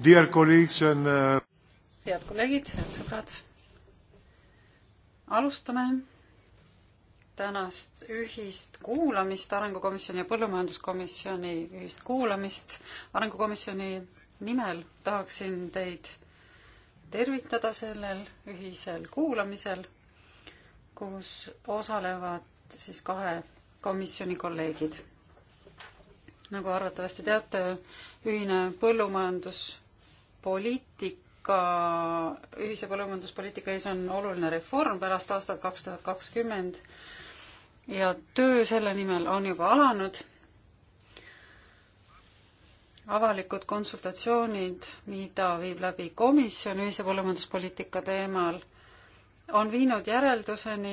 Dear colleagues and uh... head kolleegid, head sõbrad. alustame tänast ühist kuulamist, Arengukomisjoni ja Põllumajanduskomisjoni ühist kuulamist. arengukomisjoni nimel tahaksin teid tervitada sellel ühisel kuulamisel, kus osalevad siis kahe komisjoni kolleegid. nagu arvatavasti teate, ühine põllumajandus poliitika, ühise põllumajanduspoliitika ees on oluline reform pärast aastat kaks tuhat kakskümmend ja töö selle nimel on juba alanud. avalikud konsultatsioonid, mida viib läbi komisjon ühise põllumajanduspoliitika teemal, on viinud järelduseni,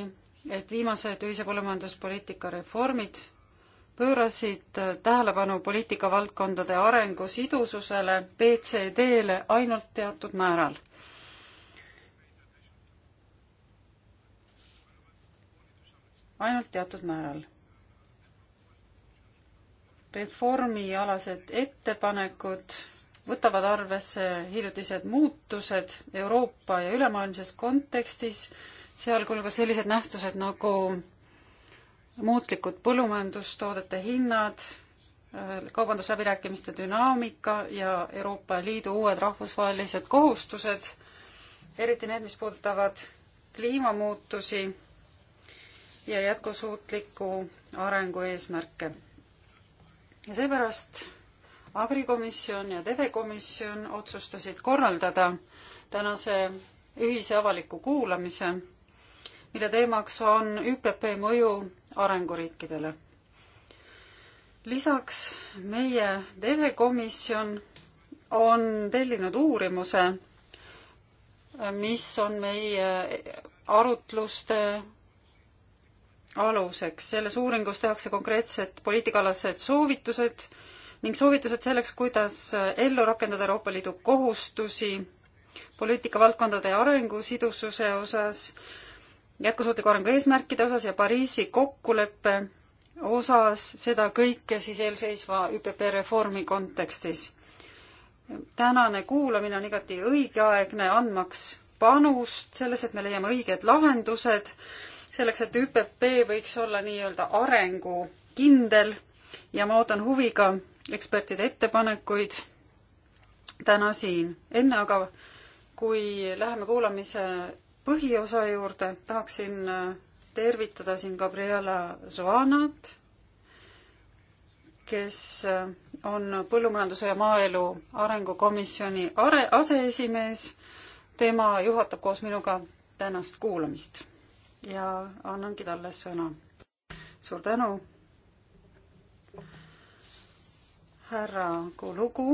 et viimased ühise põllumajanduspoliitika reformid pöörasid tähelepanu poliitikavaldkondade arengu sidususele BCD-le ainult teatud määral. ainult teatud määral. reformialased ettepanekud võtavad arvesse hiljutised muutused Euroopa ja ülemaailmses kontekstis, sealhulgas sellised nähtused nagu muutlikud põllumajandustoodete hinnad, kaubandusläbirääkimiste dünaamika ja Euroopa Liidu uued rahvusvahelised kohustused, eriti need, mis puudutavad kliimamuutusi ja jätkusuutliku arengu eesmärke. ja seepärast agrikomisjon ja TV-komisjon otsustasid korraldada tänase ühise avaliku kuulamise mille teemaks on ÜPP mõju arenguriikidele. lisaks meie telekomisjon on tellinud uurimuse, mis on meie arutluste aluseks. selles uuringus tehakse konkreetsed poliitikaalased soovitused ning soovitused selleks, kuidas ellu rakendada Euroopa Liidu kohustusi poliitikavaldkondade arengu sidususe osas jätkusuutliku arengu eesmärkide osas ja Pariisi kokkuleppe osas, seda kõike siis eelseisva ÜPP reformi kontekstis. tänane kuulamine on igati õigeaegne, andmaks panust selles, et me leiame õiged lahendused, selleks, et ÜPP võiks olla nii-öelda arengukindel ja ma ootan huviga ekspertide ettepanekuid täna siin. enne aga, kui läheme kuulamise põhiosa juurde tahaksin äh, tervitada siin Gabriela Zoanat, kes äh, on Põllumajanduse ja Maaelu Arengukomisjoni are-, aseesimees. tema juhatab koos minuga tänast kuulamist ja annangi talle sõna. suur tänu, härra Kulugu,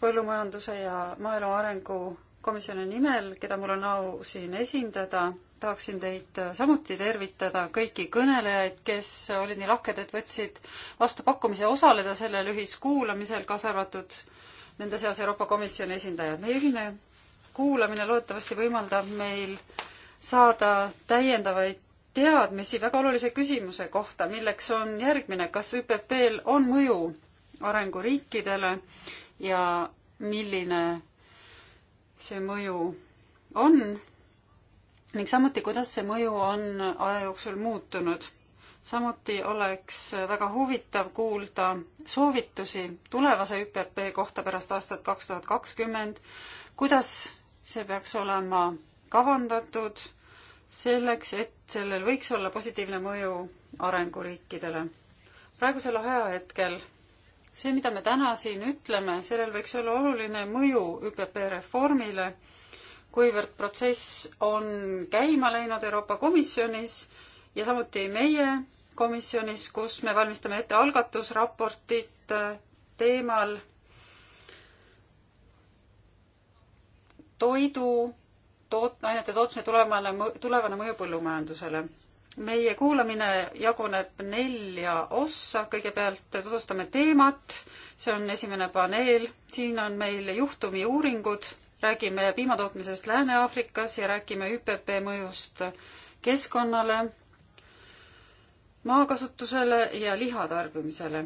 Põllumajanduse ja Maaelu Arengu komisjoni nimel, keda mul on au siin esindada, tahaksin teid samuti tervitada, kõiki kõnelejaid, kes olid nii lahked, et võtsid vastu pakkumise osaleda sellel ühiskuulamisel, kaasa arvatud nende seas Euroopa Komisjoni esindajad. meie ühine kuulamine loodetavasti võimaldab meil saada täiendavaid teadmisi väga olulise küsimuse kohta, milleks on järgmine, kas ÜPP-l on mõju arenguriikidele ja milline see mõju on ning samuti, kuidas see mõju on aja jooksul muutunud. samuti oleks väga huvitav kuulda soovitusi tulevase ÜPP kohta pärast aastat kaks tuhat kakskümmend, kuidas see peaks olema kavandatud selleks, et sellel võiks olla positiivne mõju arenguriikidele. praegusel ajahetkel see, mida me täna siin ütleme, sellel võiks olla oluline mõju ÜPP reformile, kuivõrd protsess on käima läinud Euroopa Komisjonis ja samuti meie komisjonis, kus me valmistame ette algatusraportit äh, teemal toidu toot-, ainete tootmise tulevane, tulevane mõju põllumajandusele meie kuulamine jaguneb nelja ossa, kõigepealt tutvustame teemat, see on esimene paneel, siin on meil juhtumiuuringud, räägime piimatootmisest Lääne-Aafrikas ja räägime ÜPP mõjust keskkonnale, maakasutusele ja lihatarbimisele.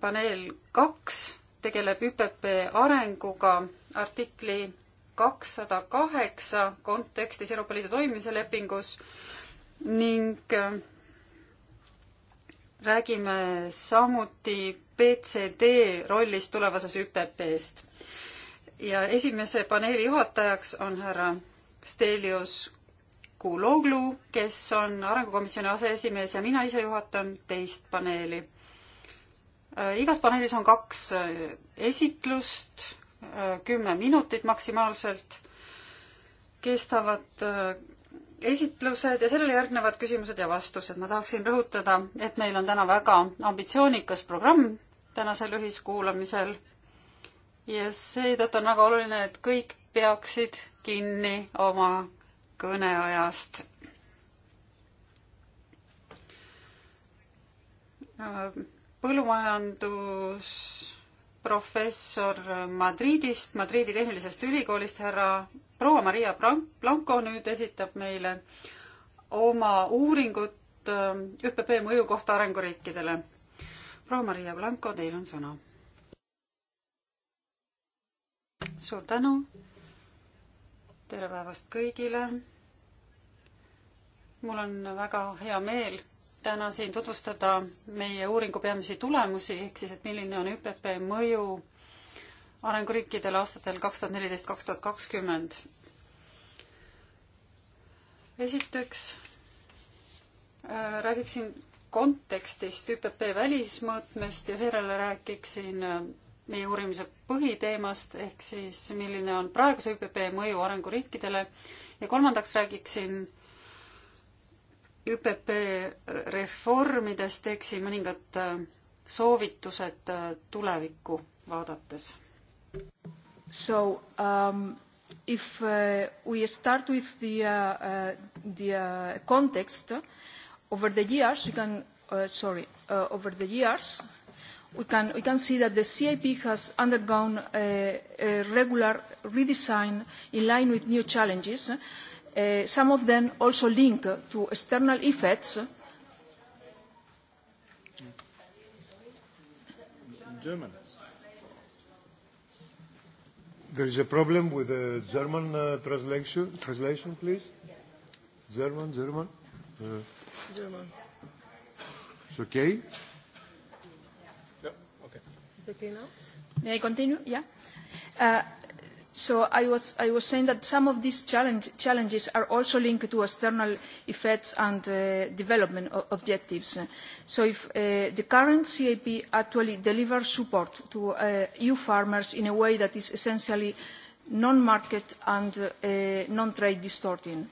paneel kaks tegeleb ÜPP arenguga artikli kakssada kaheksa kontekstis Euroopa Liidu toimimise lepingus ning äh, räägime samuti PCD rollist tulevases ÜPP-st. ja esimese paneeli juhatajaks on härra Stelios Kuloglu, kes on Arengukomisjoni aseesimees ja mina ise juhatan teist paneeli. Äh, igas paneelis on kaks äh, esitlust, kümme minutit maksimaalselt, kestavad esitlused ja sellele järgnevad küsimused ja vastused. ma tahaksin rõhutada, et meil on täna väga ambitsioonikas programm tänasel ühiskuulamisel ja seetõttu on väga oluline, et kõik peaksid kinni oma kõneajast. põllumajandusprofessor Madridist, Madridi Tehnilisest Ülikoolist härra proua Maria Blanco nüüd esitab meile oma uuringut ähm, ÜPP mõju kohta arenguriikidele. proua Maria Blanco, teil on sõna. suur tänu. tere päevast kõigile. mul on väga hea meel täna siin tutvustada meie uuringu peamisi tulemusi ehk siis, et milline on ÜPP mõju arenguriikidele aastatel kaks tuhat neliteist, kaks tuhat kakskümmend. esiteks äh, räägiksin kontekstist ÜPP välismõõtmest ja seejärel räägiksin äh, meie uurimise põhiteemast ehk siis milline on praeguse ÜPP mõju arenguriikidele ja kolmandaks räägiksin ÜPP reformidest, teeksin mõningad äh, soovitused äh, tulevikku vaadates So um, if uh, we start with the, uh, uh, the uh, context, over the years, we can, uh, sorry, uh, over the years, we can, we can see that the CIP has undergone a, a regular redesign in line with new challenges, uh, some of them also linked to external effects. German. There is a problem with the German uh, translation, translation, please. German, German. Uh, German. It's okay? Yeah, okay. It's okay now? May I continue? Yeah. Uh, So I was, I was saying that some of these challenge, challenges are also linked to external effects and uh, development objectives. So if uh, the current CAP actually delivers support to uh, EU farmers in a way that is essentially non-market and uh, non-trade distorting.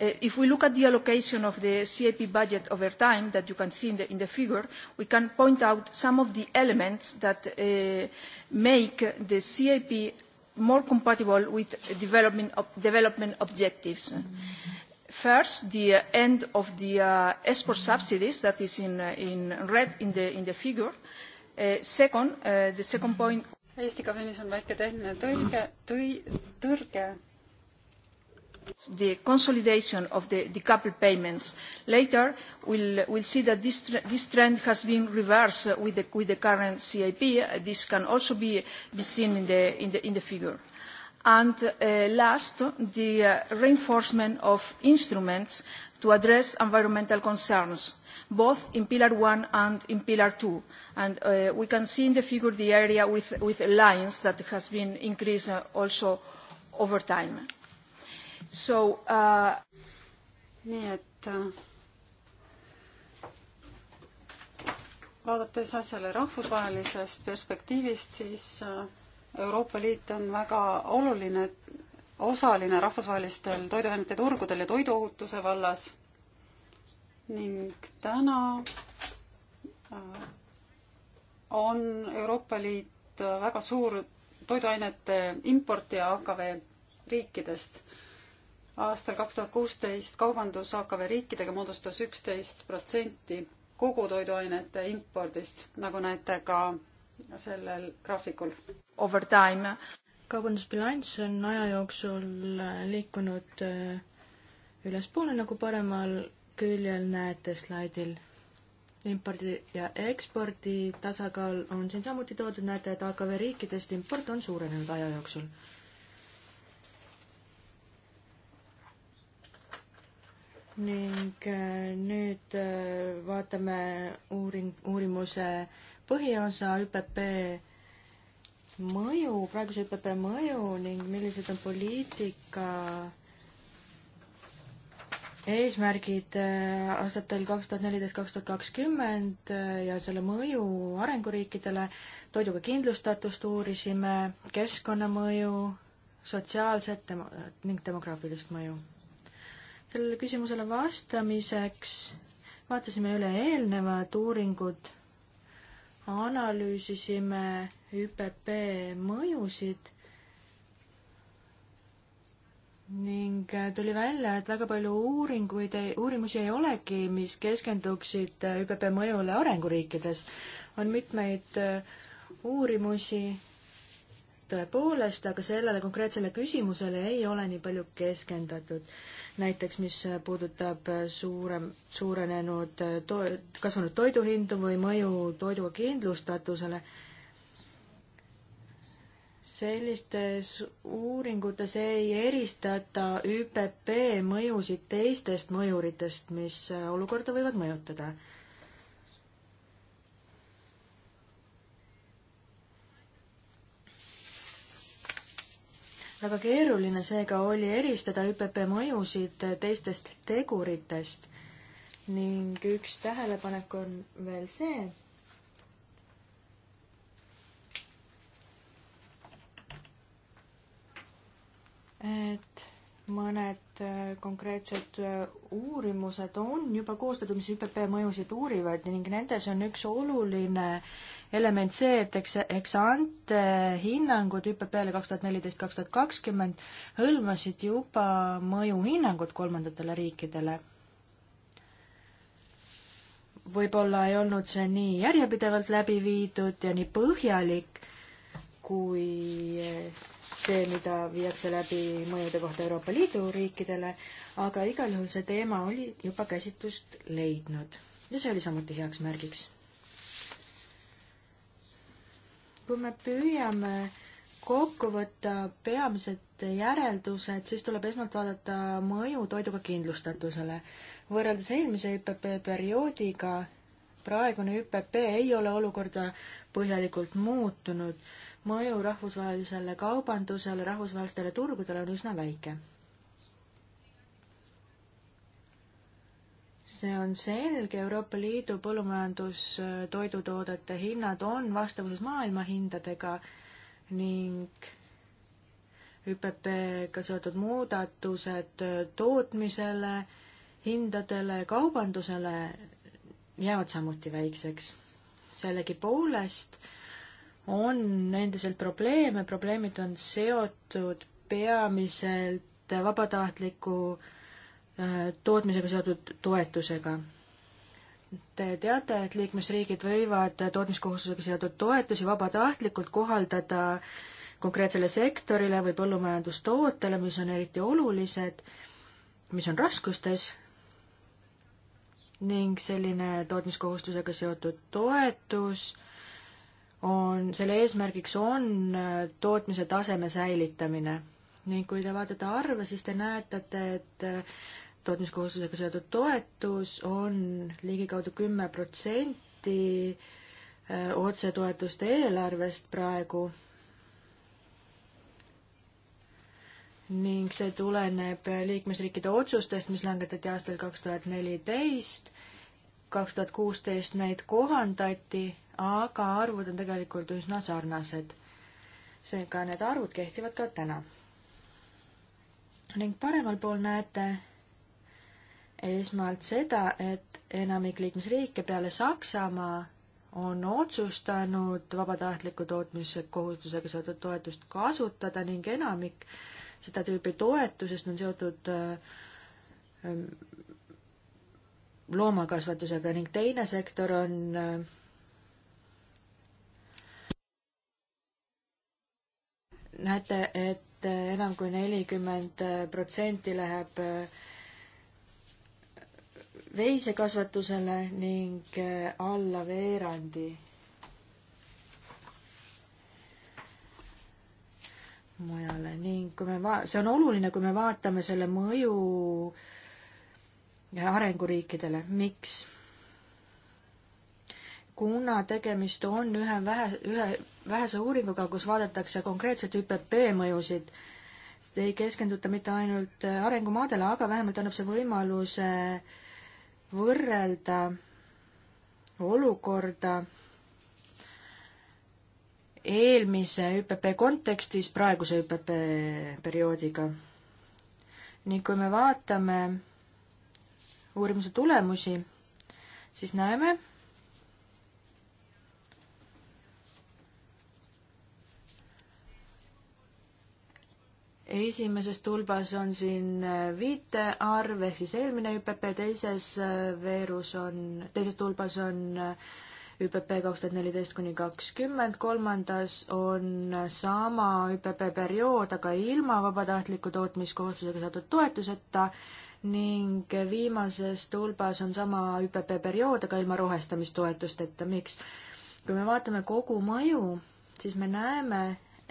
Uh, if we look at the allocation of the CAP budget over time that you can see in the, in the figure, we can point out some of the elements that uh, make the CAP more compatible with development, ob development objectives. First, the uh, end of the uh, export subsidies that is in, uh, in red in the, in the figure. Uh, second, uh, the second point. Eesti kabiinis on väike tehniline tõlge, tõi, tõrge the consolidation of the decoupled payments. Later, we'll, we'll see that this, this trend has been reversed with the, with the current CIP. This can also be, be seen in the, in the, in the figure. And uh, last, the uh, reinforcement of instruments to address environmental concerns, both in Pillar 1 and in Pillar 2. And uh, we can see in the figure the area with, with lines that has been increased uh, also over time. So uh... nii et uh, vaadates asjale rahvusvahelisest perspektiivist, siis uh, Euroopa Liit on väga oluline osaline rahvusvahelistel toiduainete turgudel ja toiduohutuse vallas ning täna uh, on Euroopa Liit väga suur toiduainete importija AKV riikidest aastal kaks tuhat kuusteist kaubandus AKV riikidega moodustas üksteist protsenti kogu toiduainete impordist, nagu näete ka sellel graafikul. Over time. kaubandusbilanss on aja jooksul liikunud äh, ülespoole, nagu paremal küljel näete slaidil. impordi ja ekspordi tasakaal on siin samuti toodud, näete, et AKV riikidest import on suurenenud aja jooksul ning äh, nüüd äh, vaatame uuring, uurimuse põhiosa ÜPP mõju, praeguse ÜPP mõju ning millised on poliitika eesmärgid äh, aastatel kaks tuhat neliteist, kaks tuhat kakskümmend ja selle mõju arenguriikidele, toiduga kindlustatust uurisime, keskkonnamõju, sotsiaalset demo- ning demograafilist mõju sellele küsimusele vastamiseks vaatasime üle eelnevad uuringud, analüüsisime ÜPP mõjusid ning tuli välja, et väga palju uuringuid, uurimusi ei olegi, mis keskenduksid ÜPP mõjule arenguriikides. on mitmeid äh, uurimusi tõepoolest, aga sellele konkreetsele küsimusele ei ole nii palju keskendatud. näiteks, mis puudutab suurem, suurenenud to-, kasvanud toiduhindu või mõju toiduga kindlustatusele, sellistes uuringutes ei eristata ÜPP mõjusid teistest mõjuritest, mis olukorda võivad mõjutada väga keeruline seega oli eristada ÜPP mõjusid teistest teguritest ning üks tähelepanek on veel see, et mõned äh, konkreetsed äh, uurimused on juba koostatud, mis ÜPP mõjusid uurivad ning nendes on üks oluline äh, element see, et eks, eks ante hinnangud ÜPP-le kaks tuhat neliteist, kaks tuhat kakskümmend hõlmasid juba mõjuhinnangut kolmandatele riikidele. võib-olla ei olnud see nii järjepidevalt läbi viidud ja nii põhjalik, kui see, mida viiakse läbi mõjude kohta Euroopa Liidu riikidele, aga igal juhul see teema oli juba käsitlust leidnud ja see oli samuti heaks märgiks kui me püüame kokku võtta peamised järeldused, siis tuleb esmalt vaadata mõju toiduga kindlustatusele. võrreldes eelmise ÜPP perioodiga, praegune ÜPP ei ole olukorda põhjalikult muutunud. mõju rahvusvahelisele kaubandusele, rahvusvahelistele turgudele on üsna väike see on selge, Euroopa Liidu põllumajandustoidutoodete äh, hinnad on vastavuses maailma hindadega ning ÜPP-ga seotud muudatused äh, tootmisele, hindadele, kaubandusele jäävad samuti väikseks. sellegipoolest on endiselt probleeme, probleemid on seotud peamiselt vabatahtliku äh, Äh, tootmisega seotud toetusega. Te teate, et liikmesriigid võivad tootmiskohustusega seotud toetusi vabatahtlikult kohaldada konkreetsele sektorile või põllumajandustootele, mis on eriti olulised, mis on raskustes ning selline tootmiskohustusega seotud toetus on, selle eesmärgiks on äh, tootmise taseme säilitamine ning kui te vaatate arve, siis te näetate, et äh, tootmiskohustusega seotud toetus on ligikaudu kümme protsenti äh, otsetoetuste eelarvest praegu ning see tuleneb liikmesriikide otsustest, mis langetati aastal kaks tuhat neliteist, kaks tuhat kuusteist neid kohandati, aga arvud on tegelikult üsna sarnased. seega need arvud kehtivad ka täna. ning paremal pool näete esmalt seda, et enamik liikmesriike peale Saksamaa on otsustanud vabatahtliku tootmise kohustusega seotud toetust kasutada ning enamik seda tüüpi toetusest on seotud ähm, loomakasvatusega ning teine sektor on äh, näete, et enam kui nelikümmend protsenti läheb äh, veisekasvatusele ning äh, alla veerandi mujale ning kui me va-, see on oluline, kui me vaatame selle mõju äh, arenguriikidele, miks? kuna tegemist on ühe vähe, ühe vähese uuringuga, kus vaadatakse konkreetselt ÜPP mõjusid, ei keskenduta mitte ainult äh, arengumaadele, aga vähemalt annab see võimaluse äh, võrrelda olukorda eelmise ÜPP kontekstis praeguse ÜPP perioodiga. ning kui me vaatame uurimuse tulemusi, siis näeme, esimeses tulbas on siin äh, viitearv ehk siis eelmine ÜPP, teises äh, veerus on, teises tulbas on äh, ÜPP kaks tuhat neliteist kuni kakskümmend, kolmandas on sama ÜPP periood, aga ilma vabatahtliku tootmiskohustusega saadud toetuseta ning viimases tulbas on sama ÜPP periood, aga ilma rohestamistoetusteta. miks? kui me vaatame kogu maju, siis me näeme,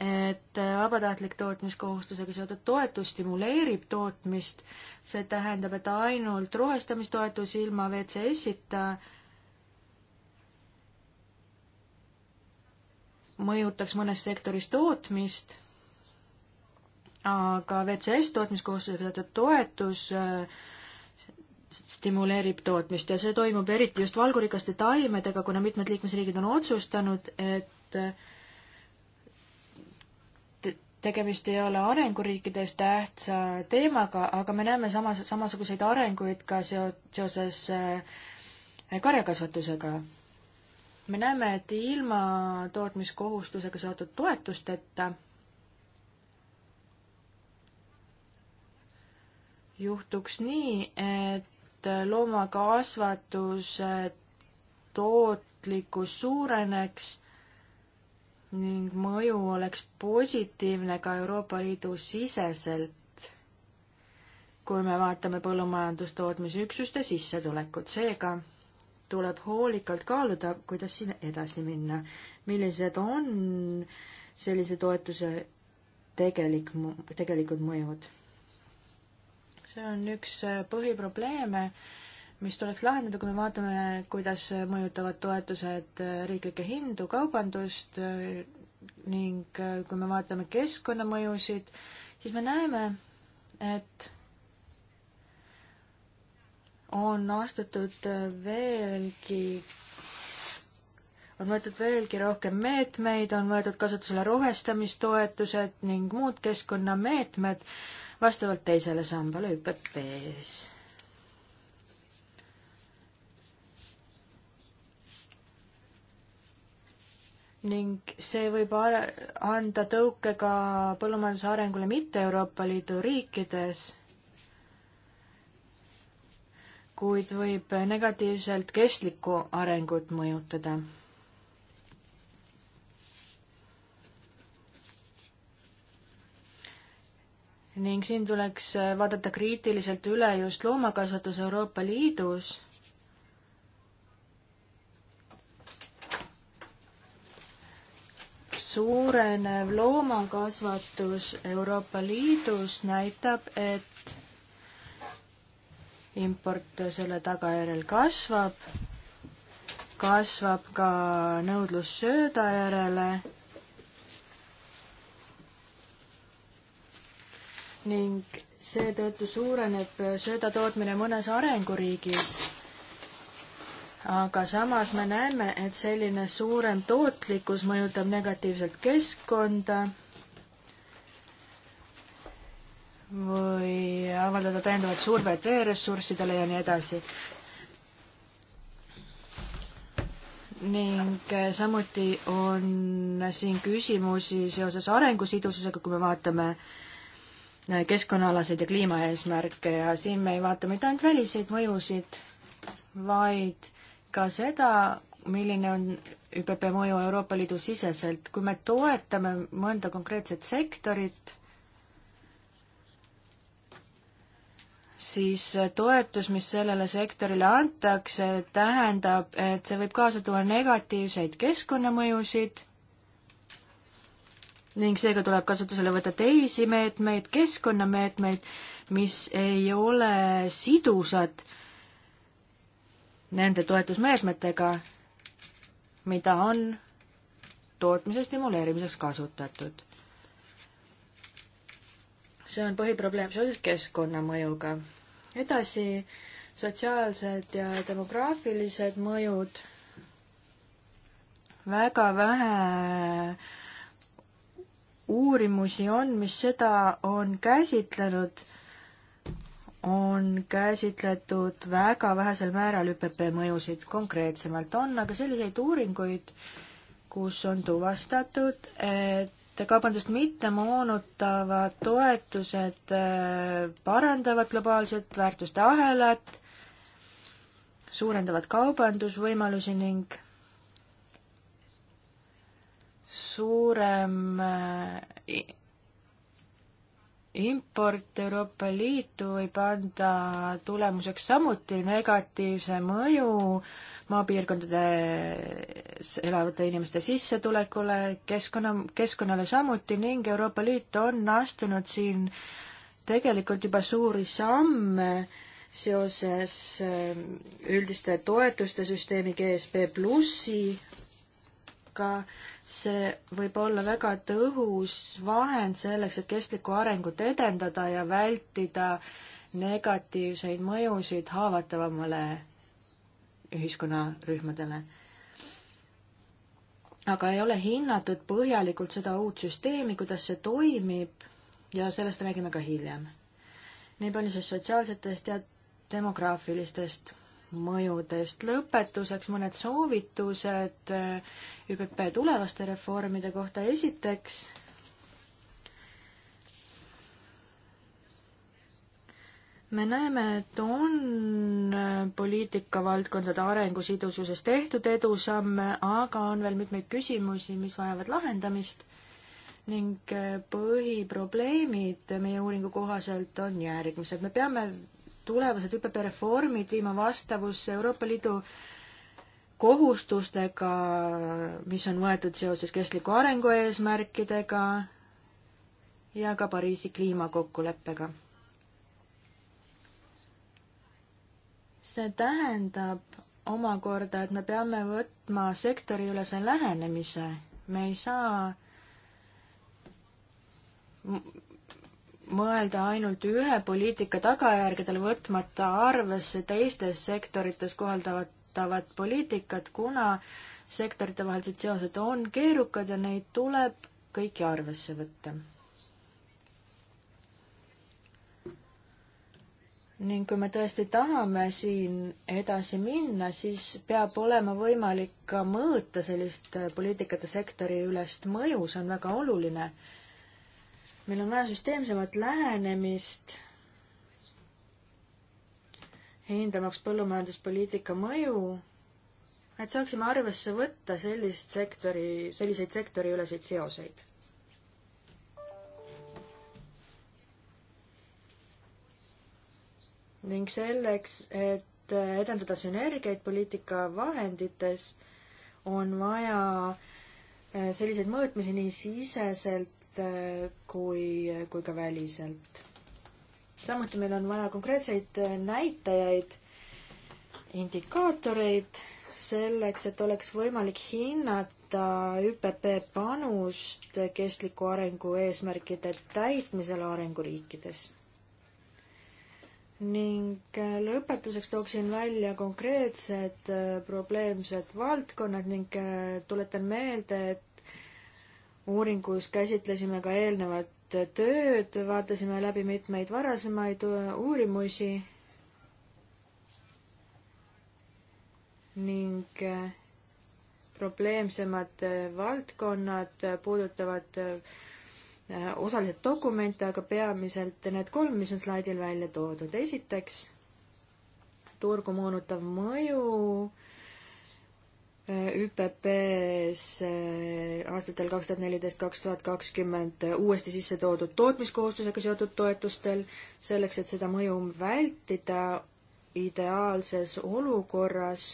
et vabatahtlik tootmiskohustusega seotud toetus stimuleerib tootmist, see tähendab, et ainult rohestamistoetus ilma WCS-ita mõjutaks mõnes sektoris tootmist, aga WCS tootmiskohustusega seotud toetus äh, stimuleerib tootmist ja see toimub eriti just valgurikaste taimedega, kuna mitmed liikmesriigid on otsustanud, et äh, tegemist ei ole arenguriikides tähtsa teemaga, aga me näeme samas, samasuguseid arenguid ka seo-, seoses äh, karjakasvatusega. me näeme, et ilma tootmiskohustusega seotud toetusteta juhtuks nii, et loomakasvatuse tootlikkus suureneks ning mõju oleks positiivne ka Euroopa Liidu siseselt, kui me vaatame põllumajandustootmisüksuste sissetulekut, seega tuleb hoolikalt kaaluda, kuidas siin edasi minna. millised on sellise toetuse tegelik, tegelikud mõjud? see on üks äh, põhiprobleeme, mis tuleks lahendada, kui me vaatame, kuidas mõjutavad toetused riiklikke hindu, kaubandust ning kui me vaatame keskkonnamõjusid, siis me näeme, et on astutud veelgi, on võetud veelgi rohkem meetmeid, on võetud kasutusele rohestamistoetused ning muud keskkonnameetmed vastavalt teisele sambale ÜPP-s ning see võib anda tõuke ka põllumajanduse arengule mitte Euroopa Liidu riikides, kuid võib negatiivselt kestlikku arengut mõjutada ning siin tuleks vaadata kriitiliselt üle just loomakasvatus Euroopa Liidus suurenev loomakasvatus Euroopa Liidus näitab, et import selle tagajärjel kasvab, kasvab ka nõudlus sööda järele ning seetõttu suureneb söödatootmine mõnes arenguriigis aga samas me näeme, et selline suurem tootlikkus mõjutab negatiivselt keskkonda või avaldada täiendavat survet veeressurssidele ja nii edasi. ning eh, samuti on siin küsimusi seoses arengusidususega, kui me vaatame eh, keskkonnaalaseid ja kliimaeesmärke ja siin me ei vaata mitte ainult väliseid mõjusid, vaid ka seda, milline on ÜPP mõju Euroopa Liidu siseselt, kui me toetame mõnda konkreetset sektorit, siis toetus, mis sellele sektorile antakse, tähendab, et see võib kaasa tuua negatiivseid keskkonnamõjusid ning seega tuleb kasutusele võtta teisi meetmeid, keskkonnameetmeid, mis ei ole sidusad nende toetusmeetmetega, mida on tootmise stimuleerimiseks kasutatud. see on põhiprobleem seoses keskkonnamõjuga. edasi sotsiaalsed ja demograafilised mõjud. väga vähe uurimusi on, mis seda on käsitlenud on käsitletud väga vähesel määral ÜPP mõjusid konkreetsemalt. on aga selliseid uuringuid, kus on tuvastatud, et kaubandust mitte moonutavad toetused äh, parandavad globaalset väärtuste ahelat, suurendavad kaubandusvõimalusi ning suurem äh, import Euroopa Liitu võib anda tulemuseks samuti negatiivse mõju maapiirkondades elavate inimeste sissetulekule, keskkonna, keskkonnale samuti ning Euroopa Liit on astunud siin tegelikult juba suuri samme seoses äh, üldiste toetuste süsteemi GSP plussi ka see võib olla väga tõhus vahend selleks, et kestlikku arengut edendada ja vältida negatiivseid mõjusid haavatavamale ühiskonnarühmadele. aga ei ole hinnatud põhjalikult seda uut süsteemi, kuidas see toimib ja sellest räägime ka hiljem. nii palju siis sotsiaalsetest ja demograafilistest mõjudest. lõpetuseks mõned soovitused äh, ÜPP tulevaste reformide kohta. esiteks, me näeme, et on äh, poliitikavaldkondade arengusidususes tehtud edusamme, aga on veel mitmeid küsimusi, mis vajavad lahendamist ning äh, põhiprobleemid meie uuringu kohaselt on järgmised. me peame tulevased ÜPP reformid viima vastavusse Euroopa Liidu kohustustega, mis on võetud seoses kestliku arengu eesmärkidega ja ka Pariisi kliimakokkuleppega. see tähendab omakorda, et me peame võtma sektoriülese lähenemise, me ei saa mõelda ainult ühe poliitika tagajärgedel, võtmata arvesse teistes sektorites kohaldatavat poliitikat, kuna sektoritevahelised seosed on keerukad ja neid tuleb kõiki arvesse võtta. ning kui me tõesti tahame siin edasi minna, siis peab olema võimalik ka mõõta sellist poliitikate sektori ülest mõju, see on väga oluline meil on vaja süsteemsemat lähenemist, hindamaks põllumajanduspoliitika mõju, et saaksime arvesse võtta sellist sektori, selliseid sektoriüleseid seoseid. ning selleks, et edendada sünergiaid poliitika vahendites, on vaja selliseid mõõtmisi nii siseselt Äh, kui, kui ka väliselt. samuti meil on vaja konkreetseid äh, näitajaid, indikaatoreid selleks, et oleks võimalik hinnata ÜPP panust kestliku arengu eesmärkide täitmisel arenguriikides. ning äh, lõpetuseks tooksin välja konkreetsed probleemsed valdkonnad ning tuletan meelde, et uuringus käsitlesime ka eelnevat tööd, vaatasime läbi mitmeid varasemaid uurimusi ning probleemsemad valdkonnad puudutavad osaliselt dokumente, aga peamiselt need kolm, mis on slaidil välja toodud. esiteks, turgu moonutav mõju ÜPP-s äh, aastatel kaks tuhat neliteist, kaks tuhat kakskümmend äh, uuesti sisse toodud tootmiskohustusega seotud toetustel, selleks et seda mõju vältida ideaalses olukorras,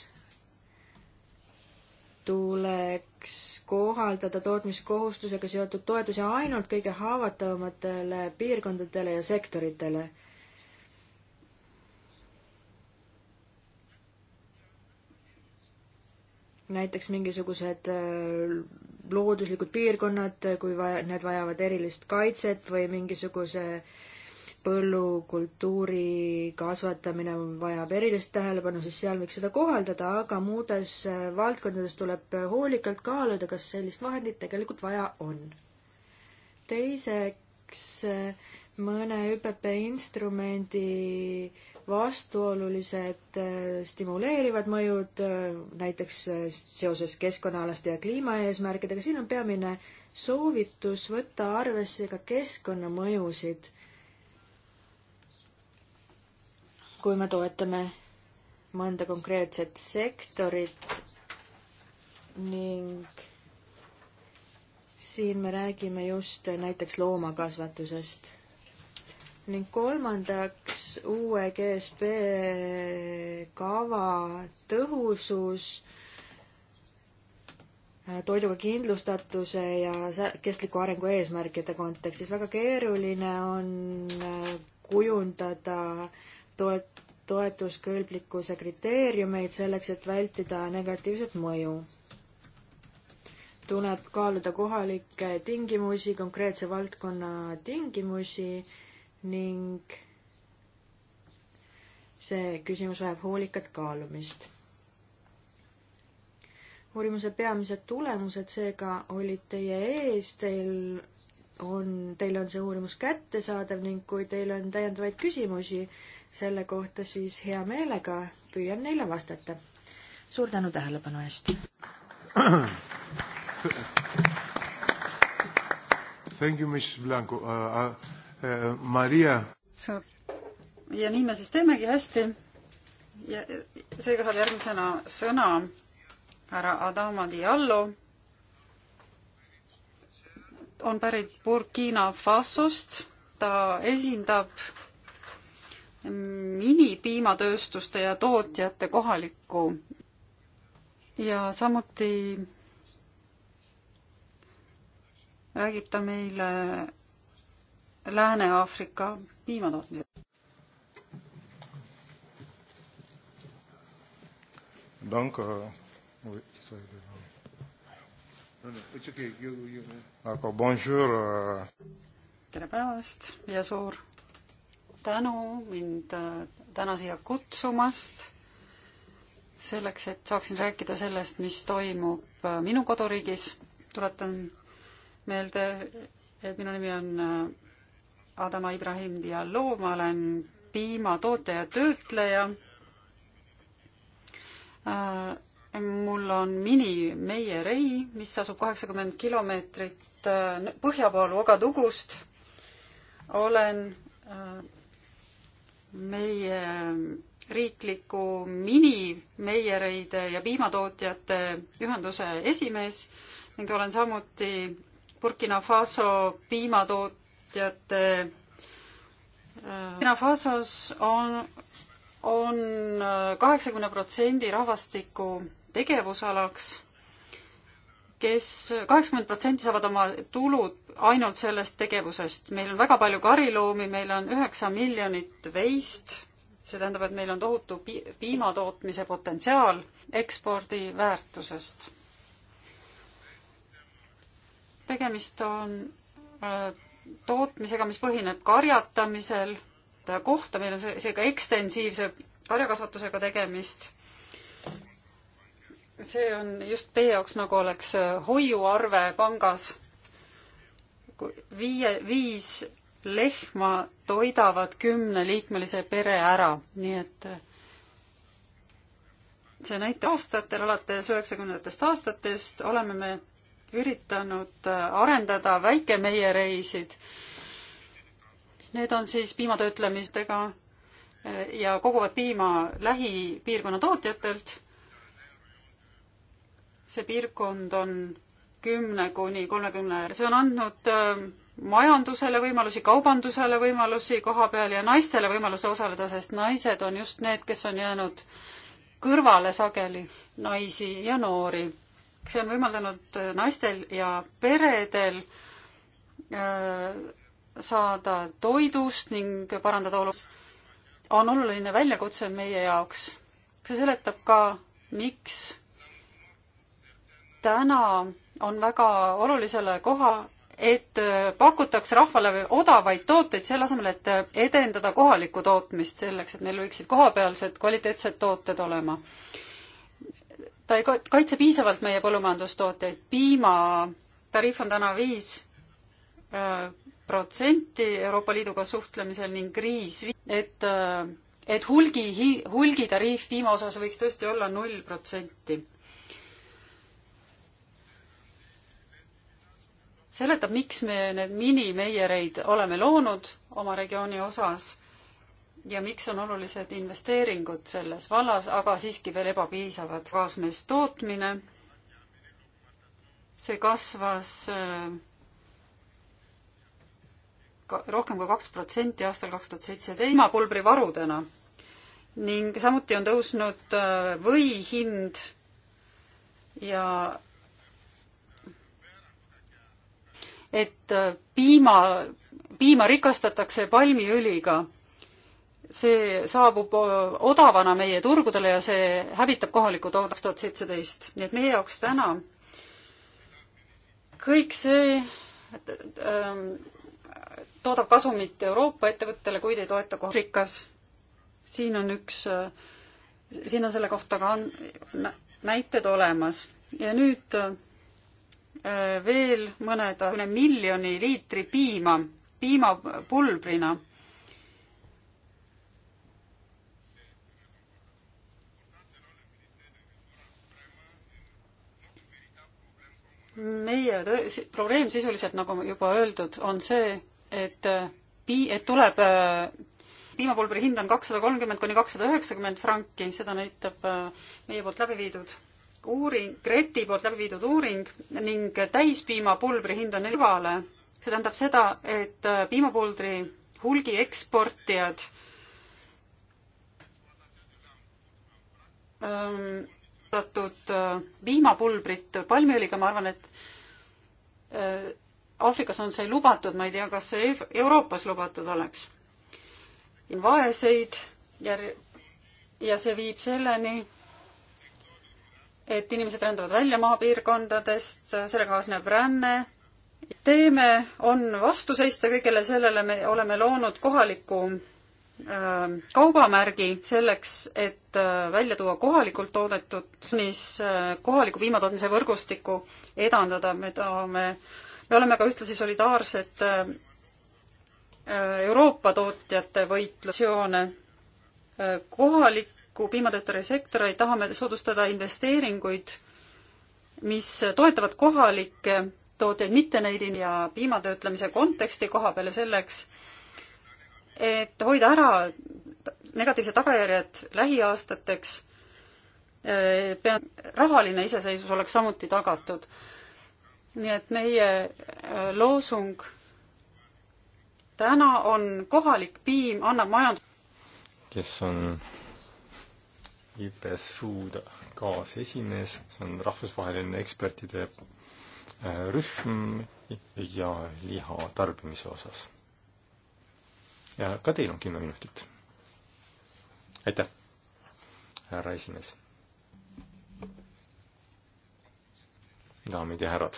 tuleks kohaldada tootmiskohustusega seotud toetusi ainult kõige haavatavamatele piirkondadele ja sektoritele näiteks mingisugused äh, looduslikud piirkonnad, kui vaja, need vajavad erilist kaitset või mingisuguse põllukultuuri kasvatamine vajab erilist tähelepanu, siis seal võiks seda kohaldada, aga muudes äh, valdkondades tuleb hoolikalt kaaluda, kas sellist vahendit tegelikult vaja on. teiseks, äh, mõne ÜPP instrumendi vastuolulised äh, stimuleerivad mõjud, äh, näiteks äh, seoses keskkonnaalaste ja kliimaeesmärkidega, siin on peamine soovitus võtta arvesse ka keskkonnamõjusid. kui me toetame mõnda konkreetset sektorit ning siin me räägime just näiteks loomakasvatusest ning kolmandaks uue GSP kava tõhusus äh, toiduga kindlustatuse ja kestliku arengu eesmärkide kontekstis. väga keeruline on äh, kujundada toet-, toetuskõlblikkuse kriteeriumeid selleks, et vältida negatiivset mõju. tuleb kaaluda kohalikke tingimusi, konkreetse valdkonna tingimusi ning see küsimus vajab hoolikat kaalumist. uurimuse peamised tulemused seega olid teie ees, teil on, teil on see uurimus kättesaadav ning kui teil on täiendavaid küsimusi selle kohta, siis hea meelega püüan neile vastata. suur tänu tähelepanu eest! Thank you, Mrs Blanco uh,. Uh... Eh, Maria. ja nii me siis teemegi hästi. ja seega saab järgmisena sõna härra Adama Diallo. on pärit Burkina Fasost, ta esindab minipiimatööstuste ja tootjate kohalikku ja samuti räägib ta meile Lääne-Aafrika piimatootmisel. Donc, euh, oui, ça y est. aga uh, bonjour. Euh. tere päevast ja suur tänu mind äh, täna siia kutsumast. selleks, et saaksin rääkida sellest, mis toimub äh, minu koduriigis, tuletan meelde, et minu nimi on äh, Adama Ibrahim Diallo, ma olen piimatootja ja töötleja. Äh, mul on mini meierei, mis asub kaheksakümmend kilomeetrit äh, põhja pool Ogadugust. olen äh, meie riikliku mini-meiereide ja piimatootjate ühenduse esimees ning olen samuti Burkina Faso piimatoot-, ettevõtjate äh, Burkina Fasos on, on äh, kaheksakümne protsendi rahvastiku tegevusalaks kes, kaheksakümmend protsenti saavad oma tulud ainult sellest tegevusest. meil on väga palju kariloomi, meil on üheksa miljonit veist, see tähendab, et meil on tohutu pi-, piimatootmise potentsiaal ekspordi väärtusest. tegemist on äh, tootmisega, mis põhineb karjatamisel, kohta, meil on seega ekstensiivse karjakasvatusega tegemist. see on just teie jaoks nagu oleks äh, hoiuarve pangas. viie, viis lehma toidavad kümneliikmelise pere ära, nii et äh, see näitab aastatel, alates üheksakümnendatest aastatest oleme me üritanud äh, arendada väikemeie reisid. Need on siis piimatöötlemistega äh, ja koguvad piima lähipiirkonna tootjatelt. see piirkond on kümne kuni kolmekümne, see on andnud äh, majandusele võimalusi, kaubandusele võimalusi koha peal ja naistele võimaluse osaleda, sest naised on just need, kes on jäänud kõrvale sageli, naisi ja noori see on võimaldanud naistel ja peredel äh, saada toidust ning parandada olu-, on oluline väljakutse meie jaoks. see seletab ka, miks täna on väga olulisele koha, et äh, pakutakse rahvale odavaid tooteid selle asemel, et äh, edendada kohalikku tootmist selleks, et meil võiksid kohapealsed kvaliteetsed tooted olema ta ei kaitse piisavalt meie põllumajandustooteid, piima tariif on täna viis äh, protsenti Euroopa Liiduga suhtlemisel ning riis, et, äh, et hulgi, hulgitariif piima osas võiks tõesti olla null protsenti. seletab, miks me need minimeiereid oleme loonud oma regiooni osas ja miks on olulised investeeringud selles vallas, aga siiski veel ebapiisavad. kaasmeestootmine, see kasvas äh, ka, rohkem kui kaks protsenti aastal kaks tuhat seitseteist ilmapulbrivarudena ning samuti on tõusnud äh, või hind ja et äh, piima, piima rikastatakse palmiõliga see saabub äh, odavana meie turgudele ja see hävitab kohalikku toodet kaks tuhat seitseteist. nii et meie jaoks täna kõik see et, et, ähm, toodab kasumit Euroopa ettevõttele, kuid ei toeta kohvikas. siin on üks, äh, siin on selle kohta ka näited olemas ja nüüd äh, veel mõned miljoni liitri piima, piimapulbrina meie probleem sisuliselt, nagu juba öeldud, on see, et äh, pii-, et tuleb äh, piimapulbri hind on kakssada kolmkümmend kuni kakssada üheksakümmend franki, seda näitab äh, meie poolt läbi viidud uuring, Greti poolt läbi viidud uuring ning täispiimapulbri hind on kõrvale. see tähendab seda, et piimapulbri hulgi eksportijad ähm, kasutatud piimapulbrit äh, palmiõliga, ma arvan, et äh, Aafrikas on see lubatud, ma ei tea, kas see Euroopas lubatud oleks. vaeseid jär-, ja see viib selleni, et inimesed rändavad välja maapiirkondadest, sellega kaasneb ränne. teeme, on vastu seista kõigele sellele, me oleme loonud kohaliku Ähm, kaubamärgi selleks, et äh, välja tuua kohalikult toodetud, mis äh, kohaliku piimatootmise võrgustikku edendada, me tahame, me oleme ka ühtlasi solidaarsed äh, Euroopa tootjate võitlusjoone. kohaliku piimatöötajate sektoreid tahame soodustada investeeringuid, mis toetavad kohalikke tootjaid, mitte neid ja piimatöötlemise konteksti koha peal ja selleks, et hoida ära negatiivsed tagajärjed lähiaastateks, pean, rahaline iseseisvus oleks samuti tagatud. nii et meie äh, loosung täna on kohalik piim annab majand-. kes on IPS Food kaasesimees, see on rahvusvaheline ekspertide äh, rühm ja liha tarbimise osas ja ka teil on kümme minutit. aitäh, härra esimees. daamid ja härrad.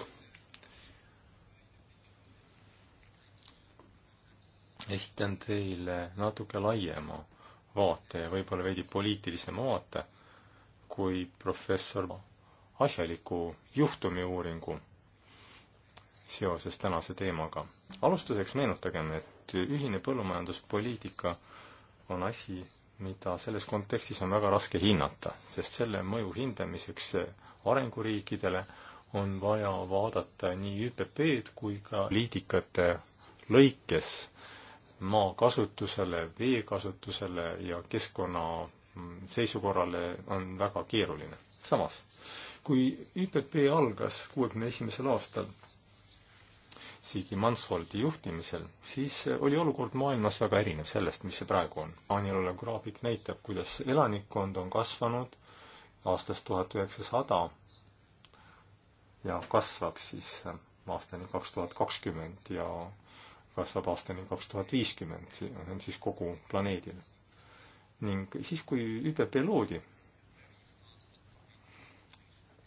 esitan teile natuke laiema vaate ja võib-olla veidi poliitilisema vaate kui professor asjaliku juhtumiuuringu seoses tänase teemaga. alustuseks meenutagem, et et ühine põllumajanduspoliitika on asi, mida selles kontekstis on väga raske hinnata, sest selle mõju hindamiseks arenguriikidele on vaja vaadata nii ÜPP-d kui ka liidikate lõikes maa kasutusele, vee kasutusele ja keskkonna seisukorrale on väga keeruline. samas, kui ÜPP algas kuuekümne esimesel aastal, Sigi Mansholdi juhtimisel, siis äh, oli olukord maailmas väga erinev sellest, mis see praegu on. Anilole graafik näitab, kuidas elanikkond on kasvanud aastast tuhat üheksasada ja kasvab siis äh, aastani kaks tuhat kakskümmend ja kasvab aastani kaks tuhat viiskümmend, see on siis kogu planeedil. ning siis, kui ÜPP loodi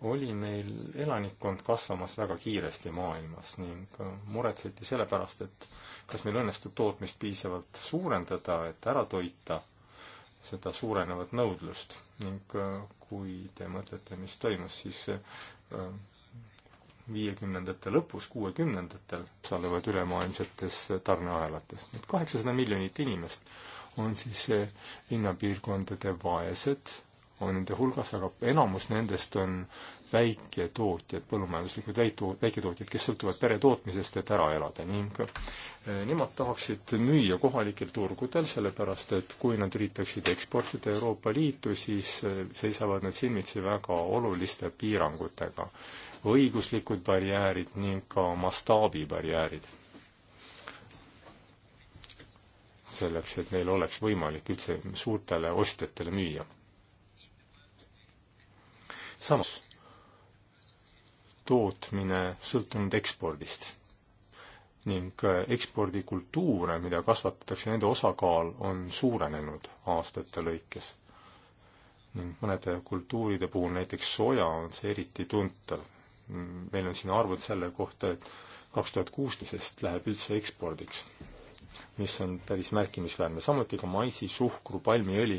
oli meil elanikkond kasvamas väga kiiresti maailmas ning äh, muretseti selle pärast, et kas meil õnnestub tootmist piisavalt suurendada, et ära toita seda suurenevat nõudlust ning äh, kui te mõtlete, mis toimus, siis äh, viiekümnendate lõpus, kuuekümnendatel osalevad ülemaailmsetes tarneahelates. et kaheksasada miljonit inimest on siis linnapiirkondade vaesed on nende hulgas, aga enamus nendest on väiketootjad, põllumajanduslikud väito-, väiketootjad, kes sõltuvad peretootmisest, et ära elada ning eh, nemad tahaksid müüa kohalikel turgudel, sellepärast et kui nad üritaksid eksportida Euroopa Liitu, siis eh, seisavad nad silmitsi väga oluliste piirangutega. õiguslikud barjäärid ning ka mastaabibarjäärid. selleks, et neil oleks võimalik üldse suurtele ostjatele müüa samas tootmine sõltunud ekspordist ning äh, ekspordikultuure, mida kasvatatakse, nende osakaal on suurenenud aastate lõikes. ning mõnede kultuuride puhul, näiteks soja, on see eriti tuntav. meil on siin arvud selle kohta, et kaks tuhat kuusteist läheb üldse ekspordiks, mis on päris märkimisväärne, samuti ka maisi, suhkru, palmiõli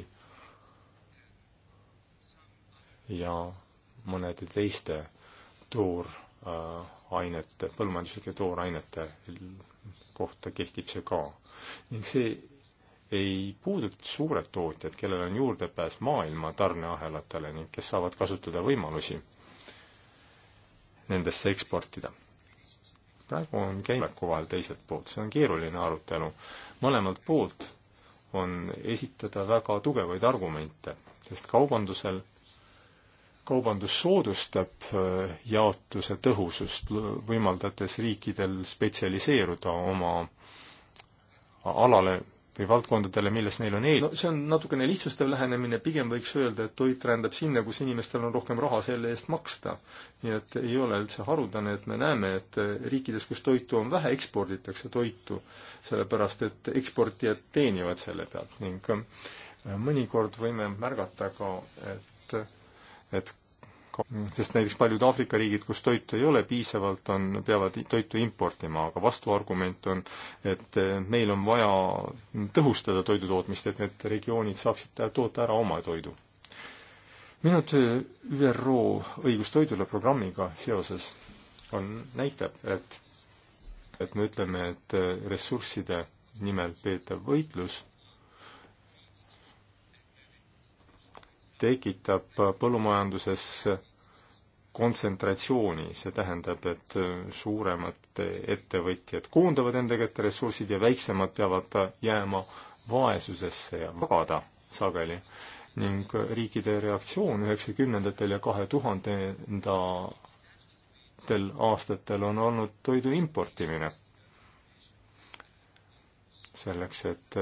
ja mõnede teiste toorainete, põllumajanduslike toorainete kohta kehtib see ka. ning see ei puuduta suured tootjad, kellel on juurdepääs maailma tarneahelatele ning kes saavad kasutada võimalusi nendesse eksportida. praegu on käimeku vahel teiselt poolt, see on keeruline arutelu. mõlemalt poolt on esitada väga tugevaid argumente, sest kaubandusel kaubandus soodustab äh, jaotuse tõhusust, võimaldades riikidel spetsialiseeruda oma alale või valdkondadele, milles neil on eel-. no see on natukene lihtsustav lähenemine, pigem võiks öelda, et toit rändab sinna, kus inimestel on rohkem raha selle eest maksta. nii et ei ole üldse harudane, et me näeme, et äh, riikides, kus toitu on vähe, eksporditakse toitu, sellepärast et eksportijad teenivad selle pealt ning äh, mõnikord võime märgata ka, et et sest näiteks paljud Aafrika riigid, kus toitu ei ole piisavalt, on, peavad toitu importima, aga vastuargument on, et eh, meil on vaja tõhustada toidutootmist, et need regioonid saaksid toota ära oma toidu. minu töö eh, ÜRO õigustoidule programmiga seoses on, näitab, et et me ütleme, et eh, ressursside nimel peetav võitlus tekitab põllumajanduses kontsentratsiooni, see tähendab, et suuremad ettevõtjad koondavad enda kätte ressursid ja väiksemad peavad jääma vaesusesse ja magada sageli. ning riikide reaktsioon üheksakümnendatel ja kahe tuhandendatel aastatel on olnud toidu importimine. selleks, et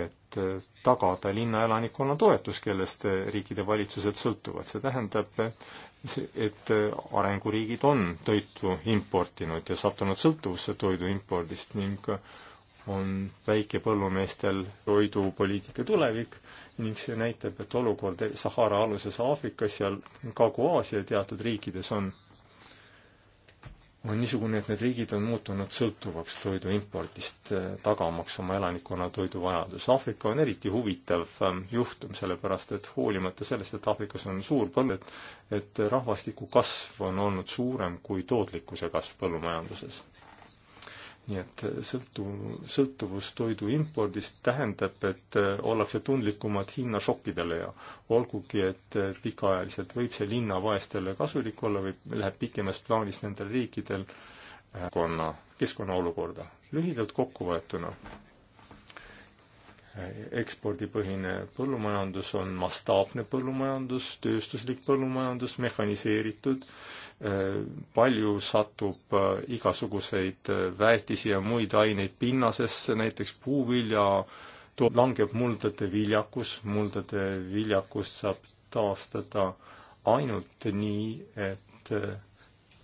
et eh, tagada linnaelanikkonna toetus, kellest eh, riikide valitsused sõltuvad. see tähendab, eh, et arenguriigid on toitu importinud ja sattunud sõltuvusse toidu impordist ning on väikepõllumeestel toidupoliitika tulevik ning see näitab, et olukord Sahara aluses Aafrikas ja Kagu-Aasia teatud riikides on on niisugune, et need riigid on muutunud sõltuvaks toidu impordist, eh, tagamaks oma elanikkonna toiduvajadus. Aafrika on eriti huvitav ähm, juhtum, sellepärast et hoolimata sellest, et Aafrikas on suur põllud, et rahvastiku kasv on olnud suurem kui tootlikkuse kasv põllumajanduses nii et sõltu-, sõltuvus toidu impordist tähendab, et äh, ollakse tundlikumad hinnašokkidele ja olgugi, et äh, pikaajaliselt võib see linna vaestele kasulik olla või läheb pikemas plaanis nendel riikidel äh, keskkonna, keskkonna olukorda. lühidalt kokkuvõetuna, ekspordipõhine põllumajandus on mastaapne põllumajandus, tööstuslik põllumajandus, mehhaniseeritud äh, palju satub äh, igasuguseid äh, väetisi ja muid aineid pinnasesse, näiteks puuvilja to-, langeb muldade viljakus, muldade viljakust saab taastada ainult nii, et äh,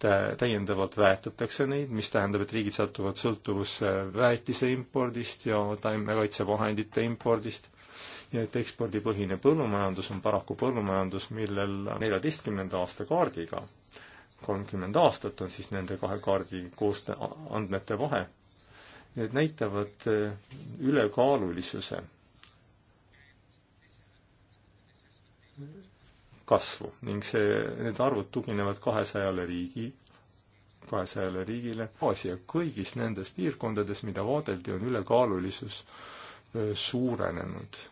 tä-, täiendavalt väetatakse neid, mis tähendab, et riigid satuvad sõltuvusse väetise impordist ja taimekaitsevahendite impordist ja et ekspordipõhine põllumajandus on paraku põllumajandus, millel neljateistkümnenda aasta kaardiga kolmkümmend aastat on siis nende kahe kaardi koostöö andmete vahe. Need näitavad eh, ülekaalulisuse kasvu ning see, need arvud tuginevad kahesajale riigi, kahesajale riigile. Aasia kõigis nendes piirkondades, mida vaadeldi, on ülekaalulisus eh, suurenenud.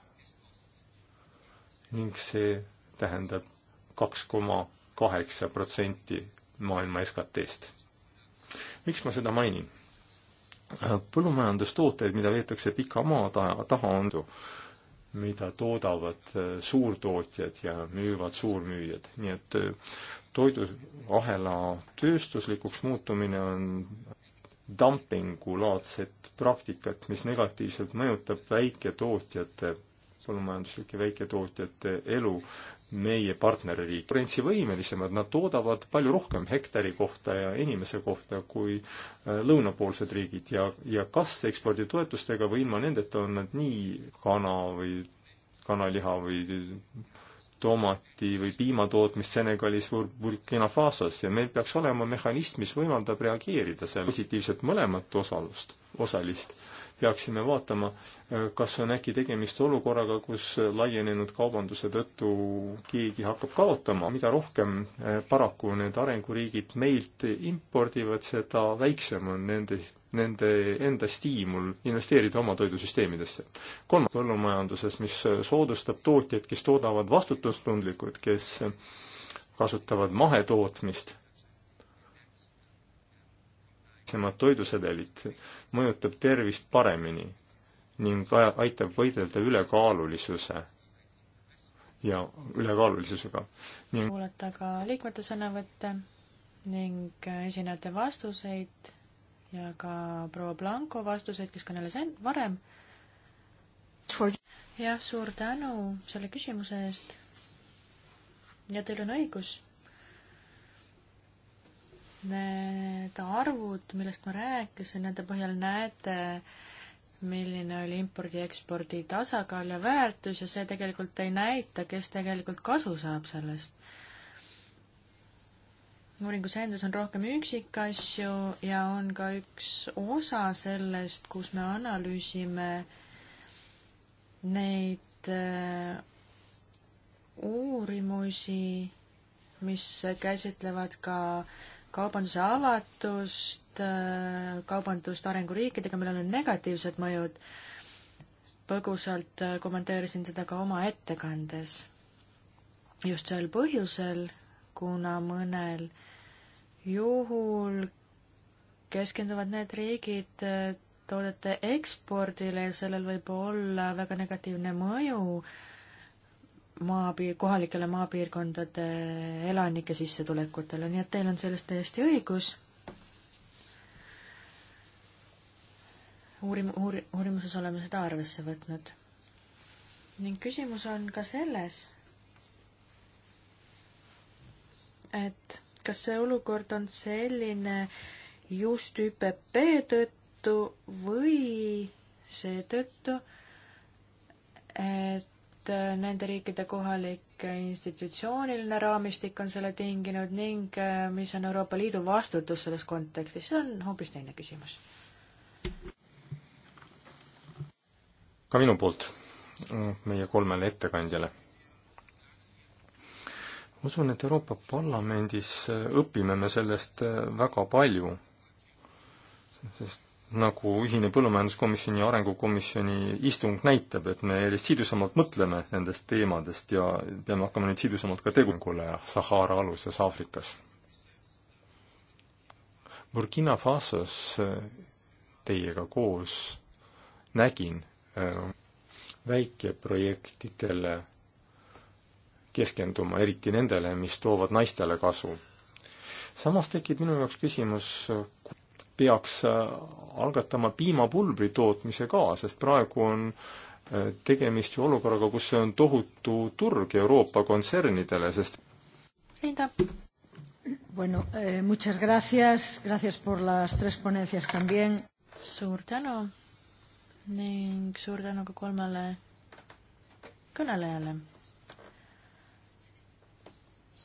ning see tähendab kaks koma kaheksa protsenti maailma SKT-st. miks ma seda mainin? põllumajandustooteid, mida veetakse pika maa taha, taha on ju, mida toodavad äh, suurtootjad ja müüvad suurmüüjad, nii et äh, toiduahela tööstuslikuks muutumine on dumpingulaadset praktikat, mis negatiivselt mõjutab väiketootjate põllumajanduslike väiketootjate elu meie partneririik. konkurentsivõimelisemad, nad toodavad palju rohkem hektari kohta ja inimese kohta kui äh, lõunapoolsed riigid ja, ja kas eksporditoetustega või ilma nendeta on nad nii kana või kanaliha või tomati või piimatootmist Senegalis või Burkina Fasos ja meil peaks olema mehhanism, mis võimaldab reageerida seal positiivset mõlemat osalust, osalist peaksime vaatama, kas on äkki tegemist olukorraga, kus laienenud kaubanduse tõttu keegi hakkab kaotama, mida rohkem eh, paraku need arenguriigid meilt impordivad, seda väiksem on nende, nende enda stiimul investeerida oma toidusüsteemidesse. kolmas põllumajanduses, mis soodustab tootjaid, kes toodavad vastutustundlikult, kes kasutavad mahetootmist lihtsamad toidusedelid mõjutab tervist paremini ning aitab võidelda ülekaalulisuse ja ülekaalulisusega ning.... kuulata ka liikmete sõnavõtte ning äh, esinejate vastuseid ja ka proua Blanco vastuseid, kes kõneles varem. jah, suur tänu selle küsimuse eest. ja teil on õigus Need arvud, millest ma rääkisin, nende põhjal näete, milline oli impordi ja ekspordi tasakaal ja väärtus ja see tegelikult ei näita, kes tegelikult kasu saab sellest. uuringus endas on rohkem üksikasju ja on ka üks osa sellest, kus me analüüsime neid äh, uurimusi, mis käsitlevad ka äh, kaubanduse avatust, kaubandust arenguriikidega, millel on negatiivsed mõjud. põgusalt kommenteerisin seda ka oma ettekandes. just sel põhjusel, kuna mõnel juhul keskenduvad need riigid toodete ekspordile ja sellel võib olla väga negatiivne mõju äh, maapiir, kohalikele maapiirkondade elanike sissetulekutele, nii et teil on selles täiesti õigus. uurim-, uuri-, uurimuses oleme seda arvesse võtnud. ning küsimus on ka selles, et kas see olukord on selline just ÜPP tõttu või seetõttu, et Äh, nende riikide kohalik äh, institutsiooniline raamistik on selle tinginud ning äh, mis on Euroopa Liidu vastutus selles kontekstis, see on hoopis teine küsimus. ka minu poolt meie kolmele ettekandjale. usun, et Euroopa Parlamendis õpime me sellest väga palju, sest nagu ühine põllumajanduskomisjoni ja arengukomisjoni istung näitab, et me järjest sidusamalt mõtleme nendest teemadest ja peame hakkama nüüd sidusamalt ka tegema Sahara aluses Aafrikas. Burkina Fasos eh, teiega koos nägin eh, väikeprojektidele keskenduma, eriti nendele, mis toovad naistele kasu. samas tekib minu jaoks küsimus, peaks äh, algatama piimapulbri tootmise ka, sest praegu on äh, tegemist ju olukorraga, kus see on tohutu turg Euroopa kontsernidele, sest Linda. Bueno, eh, muchas gracias, gracias por las tres ponencias también. suur tänu ning suur tänu ka kolmele kõnelejale.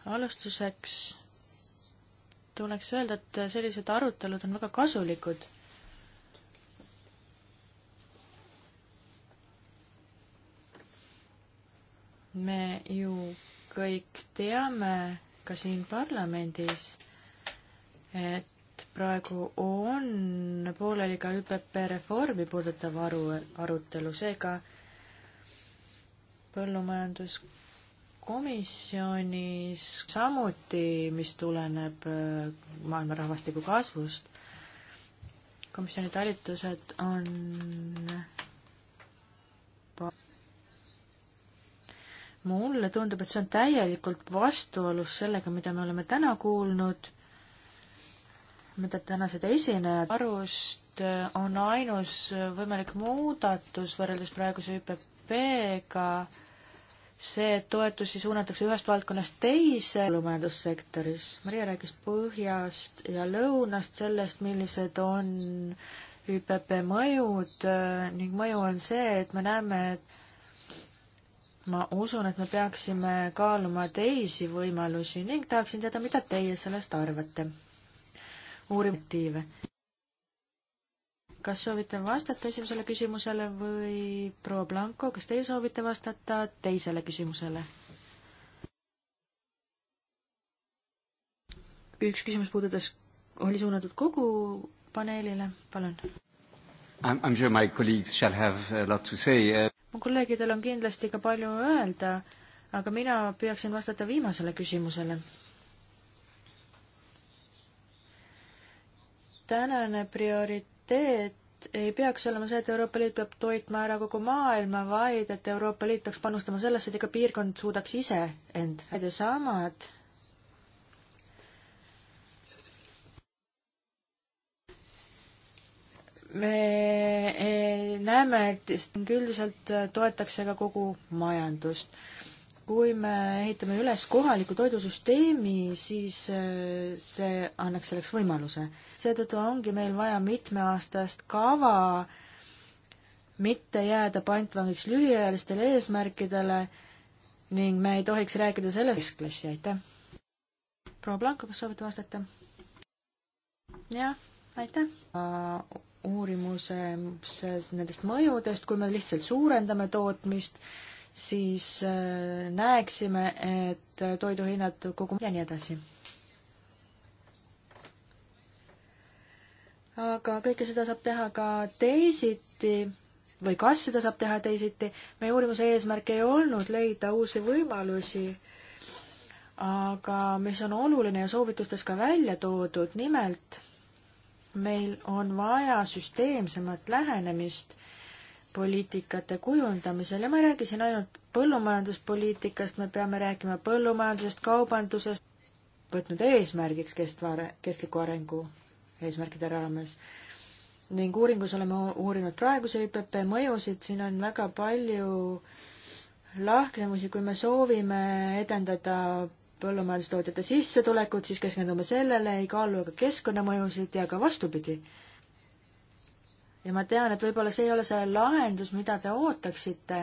alustuseks tuleks öelda, et sellised arutelud on väga kasulikud. me ju kõik teame ka siin parlamendis, et praegu on pooleli ka ÜPP reformi puudutav aru, arutelu, seega põllumajandus komisjonis samuti, mis tuleneb äh, maailma rahvastiku kasvust, komisjoni talitused on mulle tundub, et see on täielikult vastuolus sellega, mida me oleme täna kuulnud, mida tänased esinejad arust äh, on ainus võimalik muudatus võrreldes praeguse ÜPP-ga see, et toetusi suunatakse ühest valdkonnast teise põllumajandussektoris. Maria rääkis põhjast ja lõunast, sellest, millised on ÜPP mõjud äh, ning mõju on see, et me näeme, et ma usun, et me peaksime kaaluma teisi võimalusi ning tahaksin teada, mida teie sellest arvate. uurime motiive kas soovite vastata esimesele küsimusele või proua Blanco, kas teie soovite vastata teisele küsimusele? üks küsimus puudutas, oli suunatud kogu paneelile, palun. I am sure my colleagues shall have a lot to say. Uh, mu kolleegidel on kindlasti ka palju öelda, aga mina püüaksin vastata viimasele küsimusele tänane priori-, prioriteet ei peaks olema see, et Euroopa Liit peab toitma ära kogu maailma, vaid et Euroopa Liit peaks panustama sellesse, et iga piirkond suudaks ise end ja samad me eh, näeme, et üldiselt toetakse ka kogu majandust kui me ehitame üles kohaliku toidusüsteemi, siis äh, see annaks selleks võimaluse. seetõttu ongi meil vaja mitmeaastast kava, mitte jääda pantvangiks lühiajalistele eesmärkidele ning me ei tohiks rääkida sellest keskklassi, aitäh. proua Blanco, kas soovite vastata? jah, aitäh uurimuses nendest mõjudest, kui me lihtsalt suurendame tootmist, siis äh, näeksime, et äh, toiduhinnad kogu ja nii edasi. aga kõike seda saab teha ka teisiti või kas seda saab teha teisiti. meie uurimuse eesmärk ei olnud leida uusi võimalusi, aga mis on oluline ja soovitustes ka välja toodud, nimelt meil on vaja süsteemsemat lähenemist poliitikate kujundamisel ja ma ei räägi siin ainult põllumajanduspoliitikast, me peame rääkima põllumajandusest, kaubandusest, võtnud eesmärgiks kestva, kestliku arengu eesmärkide raames. ning uuringus oleme uurinud praeguse ÜPP mõjusid, siin on väga palju lahknevusi, kui me soovime edendada põllumajandustootjate sissetulekut, siis keskendume sellele, ei kaalu aga keskkonnamõjusid ja ka vastupidi ja ma tean, et võib-olla see ei ole see lahendus, mida te ootaksite,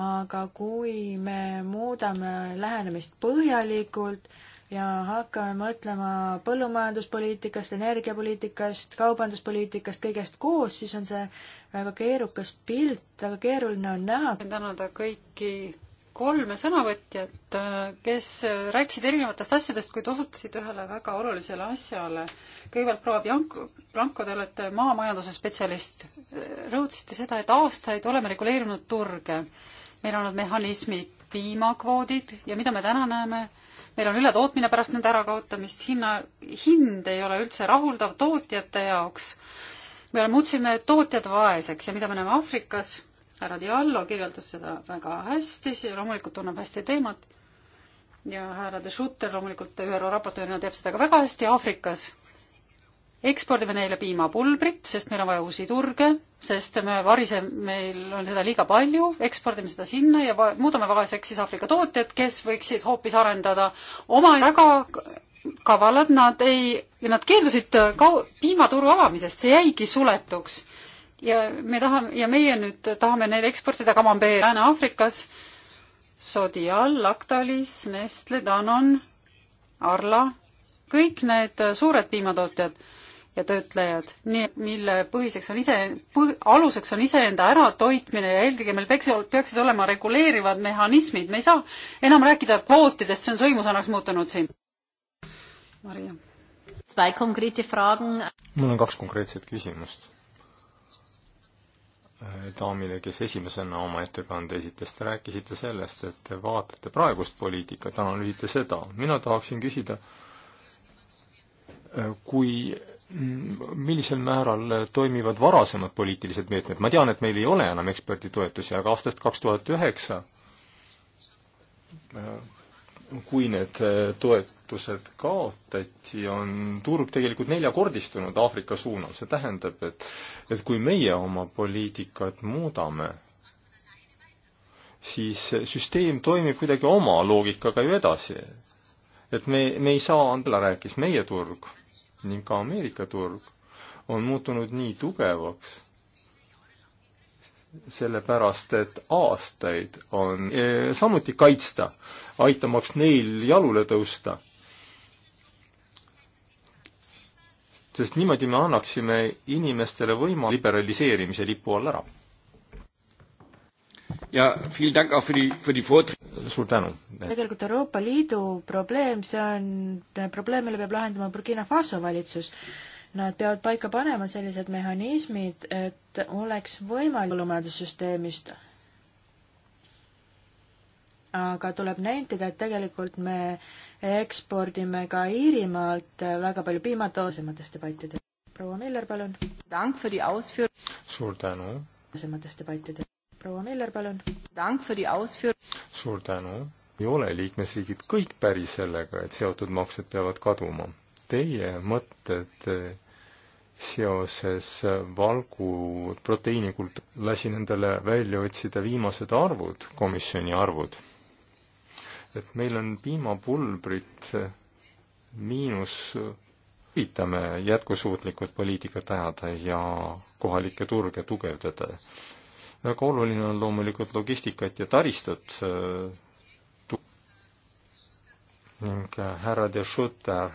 aga kui me muudame lähenemist põhjalikult ja hakkame mõtlema põllumajanduspoliitikast, energiapoliitikast, kaubanduspoliitikast, kõigest koos, siis on see väga keerukas pilt, väga keeruline on näha. tahan tänada kõiki kolme sõnavõtjat, kes rääkisid erinevatest asjadest, kuid osutasid ühele väga olulisele asjale. kõigepealt proua Bianco, Blanco, te olete maamajanduse spetsialist. rõhutasite seda, et aastaid oleme reguleerinud turge. meil on olnud mehhanismid, piimakvoodid ja mida me täna näeme, meil on ületootmine pärast nende ärakaotamist, hinna, hind ei ole üldse rahuldav tootjate jaoks. me muutsime tootjad vaeseks ja mida me näeme Aafrikas härra Diallo kirjeldas seda väga hästi, see loomulikult tunneb hästi teemat ja härra De Schutter loomulikult ÜRO raportöörina teeb seda ka väga hästi Aafrikas. ekspordime neile piimapulbrit, sest meil on vaja uusi turge, sest me varise, meil on seda liiga palju, ekspordime seda sinna ja va-, muudame vaeseks siis Aafrika tootjad, kes võiksid hoopis arendada oma väga kavalad, nad ei, nad keeldusid kau-, piimaturu avamisest, see jäigi suletuks ja me tahame ja meie nüüd tahame neile eksportida kamambeer Lääne-Aafrikas, Sodial, Lactalis, Nestle, Danon, Arla, kõik need suured piimatootjad ja töötlejad, nii, mille põhiseks on ise põh,, aluseks on iseenda äratoitmine ja eelkõige meil peaks, peaksid olema reguleerivad mehhanismid, me ei saa enam rääkida kvootidest, see on sõimusõnaks muutunud siin. Maria. mul on kaks konkreetset küsimust Äh, daamile, kes esimesena oma ettekande esitas, te rääkisite sellest, et te vaatate praegust poliitikat, analüüsite seda. mina tahaksin küsida, äh, kui, mm, millisel määral toimivad varasemad poliitilised meetmed, ma tean, et meil ei ole enam eksperditoetusi, aga aastast kaks tuhat üheksa äh, kui need äh, toetused kaotati, on turg tegelikult neljakordistunud Aafrika suunal, see tähendab, et et kui meie oma poliitikat muudame, siis süsteem toimib kuidagi oma loogikaga ju edasi. et me, me ei saa, Andela rääkis, meie turg ning ka Ameerika turg on muutunud nii tugevaks, sellepärast et aastaid on eh, samuti kaitsta, aitamaks neil jalule tõusta. sest niimoodi me annaksime inimestele võima- liberaliseerimise lipu all ära. ja dank auch für die, für die vort-. suur tänu. tegelikult Euroopa Liidu probleem, see on probleem, mille peab lahendama Burkina Faso valitsus Nad peavad paika panema sellised mehhanismid, et oleks võimalik põllumajandussüsteemist. aga tuleb nentida, et tegelikult me ekspordime ka Iirimaalt väga palju piimatoosematest debattidest. proua Miller, palun. suur tänu. toosematest debattidest. proua Miller, palun. suur tänu ei ole liikmesriigid kõik päri sellega, et seotud maksed peavad kaduma. Teie mõtted seoses valgu proteiinikult, lasin endale välja otsida viimased arvud, komisjoni arvud. et meil on piimapulbrit miinus, üritame jätkusuutlikult poliitikat ajada ja kohalikke turge tugevdada. väga oluline on loomulikult logistikat ja taristut äh, ning äh, härra de Schutter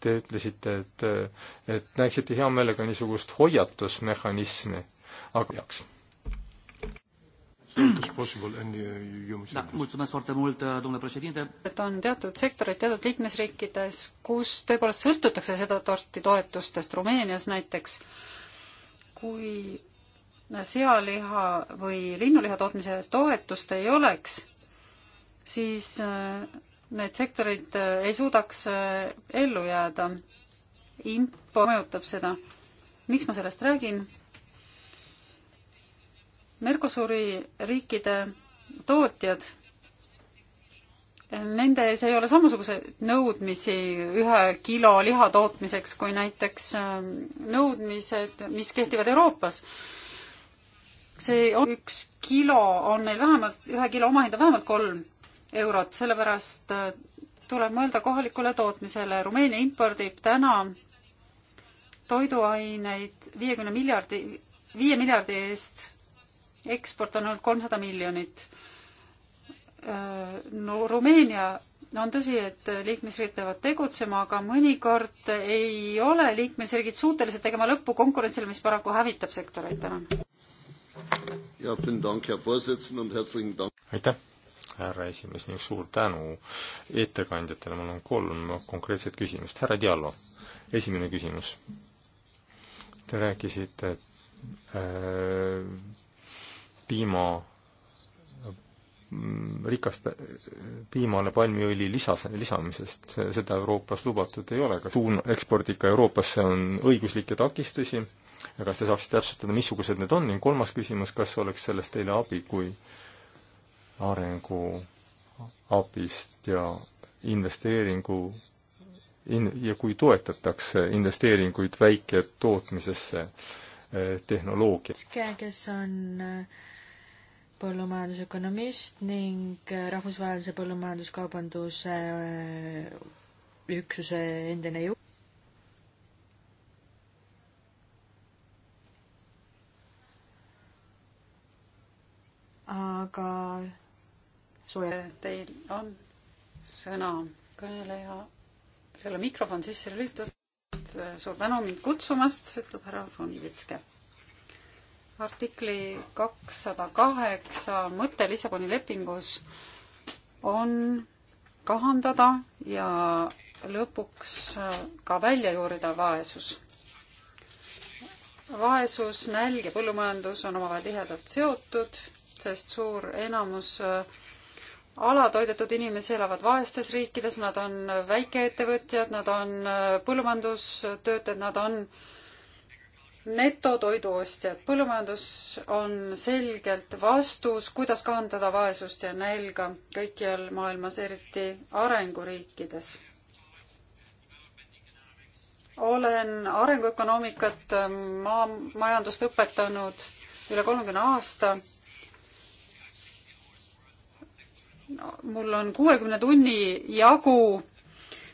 Te ütlesite, et, et näeksite hea meelega niisugust hoiatusmehhanismi, aga peaks. Uh, da, mulțumesc foarte mult, uh, domnule președinte. et on teatud sektorid teatud liikmesriikides, kus tõepoolest sõltutakse seda torti toetustest, Rumeenias näiteks, kui sealiha või linnuliha tootmise toetust ei oleks, siis äh, need sektorid äh, ei suudaks äh, ellu jääda. info mõjutab seda. miks ma sellest räägin? Mercosuri riikide tootjad, nende ees ei ole samasuguseid nõudmisi ühe kilo liha tootmiseks kui näiteks äh, nõudmised, mis kehtivad Euroopas see on üks kilo, on neil vähemalt, ühe kilo omahinda vähemalt kolm eurot, sellepärast äh, tuleb mõelda kohalikule tootmisele. Rumeenia impordib täna toiduaineid viiekümne miljardi, viie miljardi eest, eksport on olnud kolmsada miljonit. Äh, no Rumeenia, no on tõsi, et liikmesriigid peavad tegutsema, aga mõnikord ei ole liikmesriigid suutelised tegema lõppu konkurentsile, mis paraku hävitab sektoreid. tänan. aitäh härra esimees, ning suur tänu ettekandjatele, mul on kolm konkreetset küsimust. härra Diallo, esimene küsimus. Te rääkisite äh, piima mm, rikast äh, piimale palmiõli lisas, lisamisest, seda Euroopas lubatud ei ole, kas tuun ekspordiga Euroopasse on õiguslikke takistusi ja kas te saaksite täpsustada, missugused need on ning kolmas küsimus, kas oleks sellest teile abi, kui äh, arenguabist ja investeeringu in-, ja kui toetatakse investeeringuid väiketootmisesse eh, tehnoloogia. kes on eh, põllumajandusökonomist ning eh, Rahvusvahelise Põllumajanduskaubanduse üksuse endine juht. aga suure. Eh, teil on sõna kõneleja, kellel on mikrofon sisse lülitatud. Eh, suur tänu mind kutsumast, ütleb härra von Vitske. artikli kakssada kaheksa mõte Lissaboni lepingus on kahandada ja lõpuks eh, ka välja juurida vaesus. vaesus, nälg ja põllumajandus on omavahel tihedalt seotud, sest suur enamus äh, alatoidetud inimesi elavad vaestes riikides, nad on väikeettevõtjad, nad on äh, põllumajandustöötajad, nad on netotoiduostjad. põllumajandus on selgelt vastus, kuidas kahandada vaesust ja nälga kõikjal maailmas, eriti arenguriikides. olen arenguökonoomikat, äh, maamajandust õpetanud üle kolmekümne aasta mul on kuuekümne tunni jagu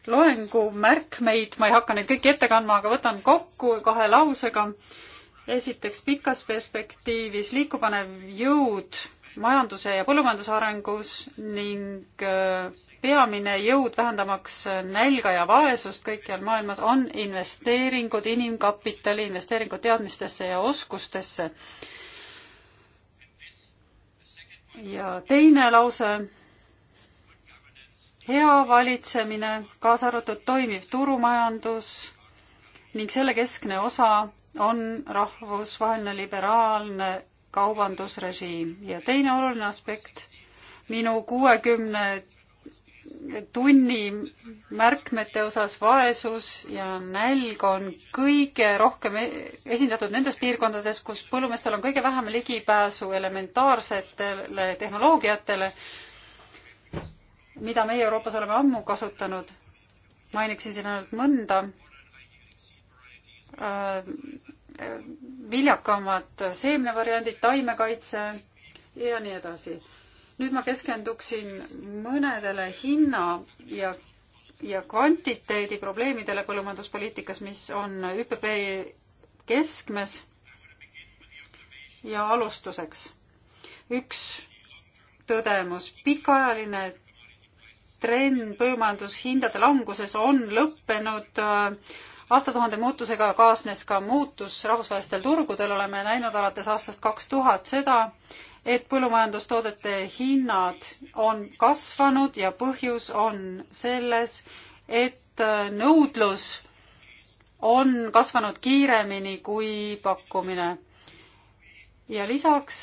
loengu märkmeid, ma ei hakka neid kõiki ette kandma, aga võtan kokku kahe lausega. esiteks, pikas perspektiivis liikupanev jõud majanduse ja põllumajanduse arengus ning äh, peamine jõud vähendamaks nälga ja vaesust kõikjal maailmas on investeeringud inimkapitali, investeeringud teadmistesse ja oskustesse. ja teine lause hea valitsemine, kaasa arvatud toimiv turumajandus ning selle keskne osa on rahvusvaheline liberaalne kaubandusrežiim ja teine oluline aspekt minu kuuekümne tunni märkmete osas vaesus ja nälg on kõige rohkem e-, esindatud nendes piirkondades, kus põllumeestel on kõige vähem ligipääsu elementaarsetele tehnoloogiatele mida meie Euroopas oleme ammu kasutanud. mainiksin siin ainult mõnda äh, viljakamad seemnevariandid, taimekaitse ja nii edasi. nüüd ma keskenduksin mõnedele hinna ja, ja kvantiteedi probleemidele põllumajanduspoliitikas, mis on ÜPP keskmes. ja alustuseks üks tõdemus, pikaajaline trend põllumajandushindade languses on lõppenud. aastatuhande muutusega kaasnes ka muutus rahvusvahelistel turgudel, oleme näinud alates aastast kaks tuhat seda, et põllumajandustoodete hinnad on kasvanud ja põhjus on selles, et nõudlus on kasvanud kiiremini kui pakkumine. ja lisaks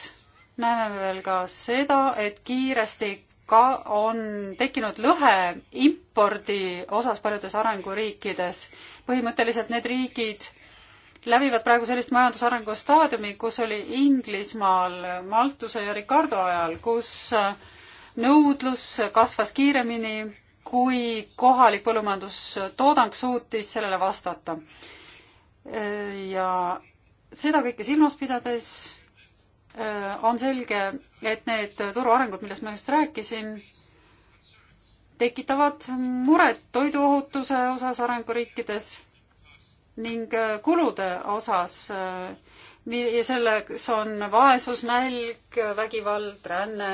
näeme veel ka seda, et kiiresti ka on tekkinud lõhe impordi osas paljudes arenguriikides. põhimõtteliselt need riigid lävivad praegu sellist majandusarengu staadiumi, kus oli Inglismaal Maltuse ja Ricardo ajal, kus äh, nõudlus kasvas kiiremini, kui kohalik põllumajandustoodang suutis sellele vastata. Äh, ja seda kõike silmas pidades äh, on selge, et need turu arengud, millest ma just rääkisin, tekitavad muret toiduohutuse osas arenguriikides ning kulude osas. ja selleks on vaesus, nälg, vägivald, ränne.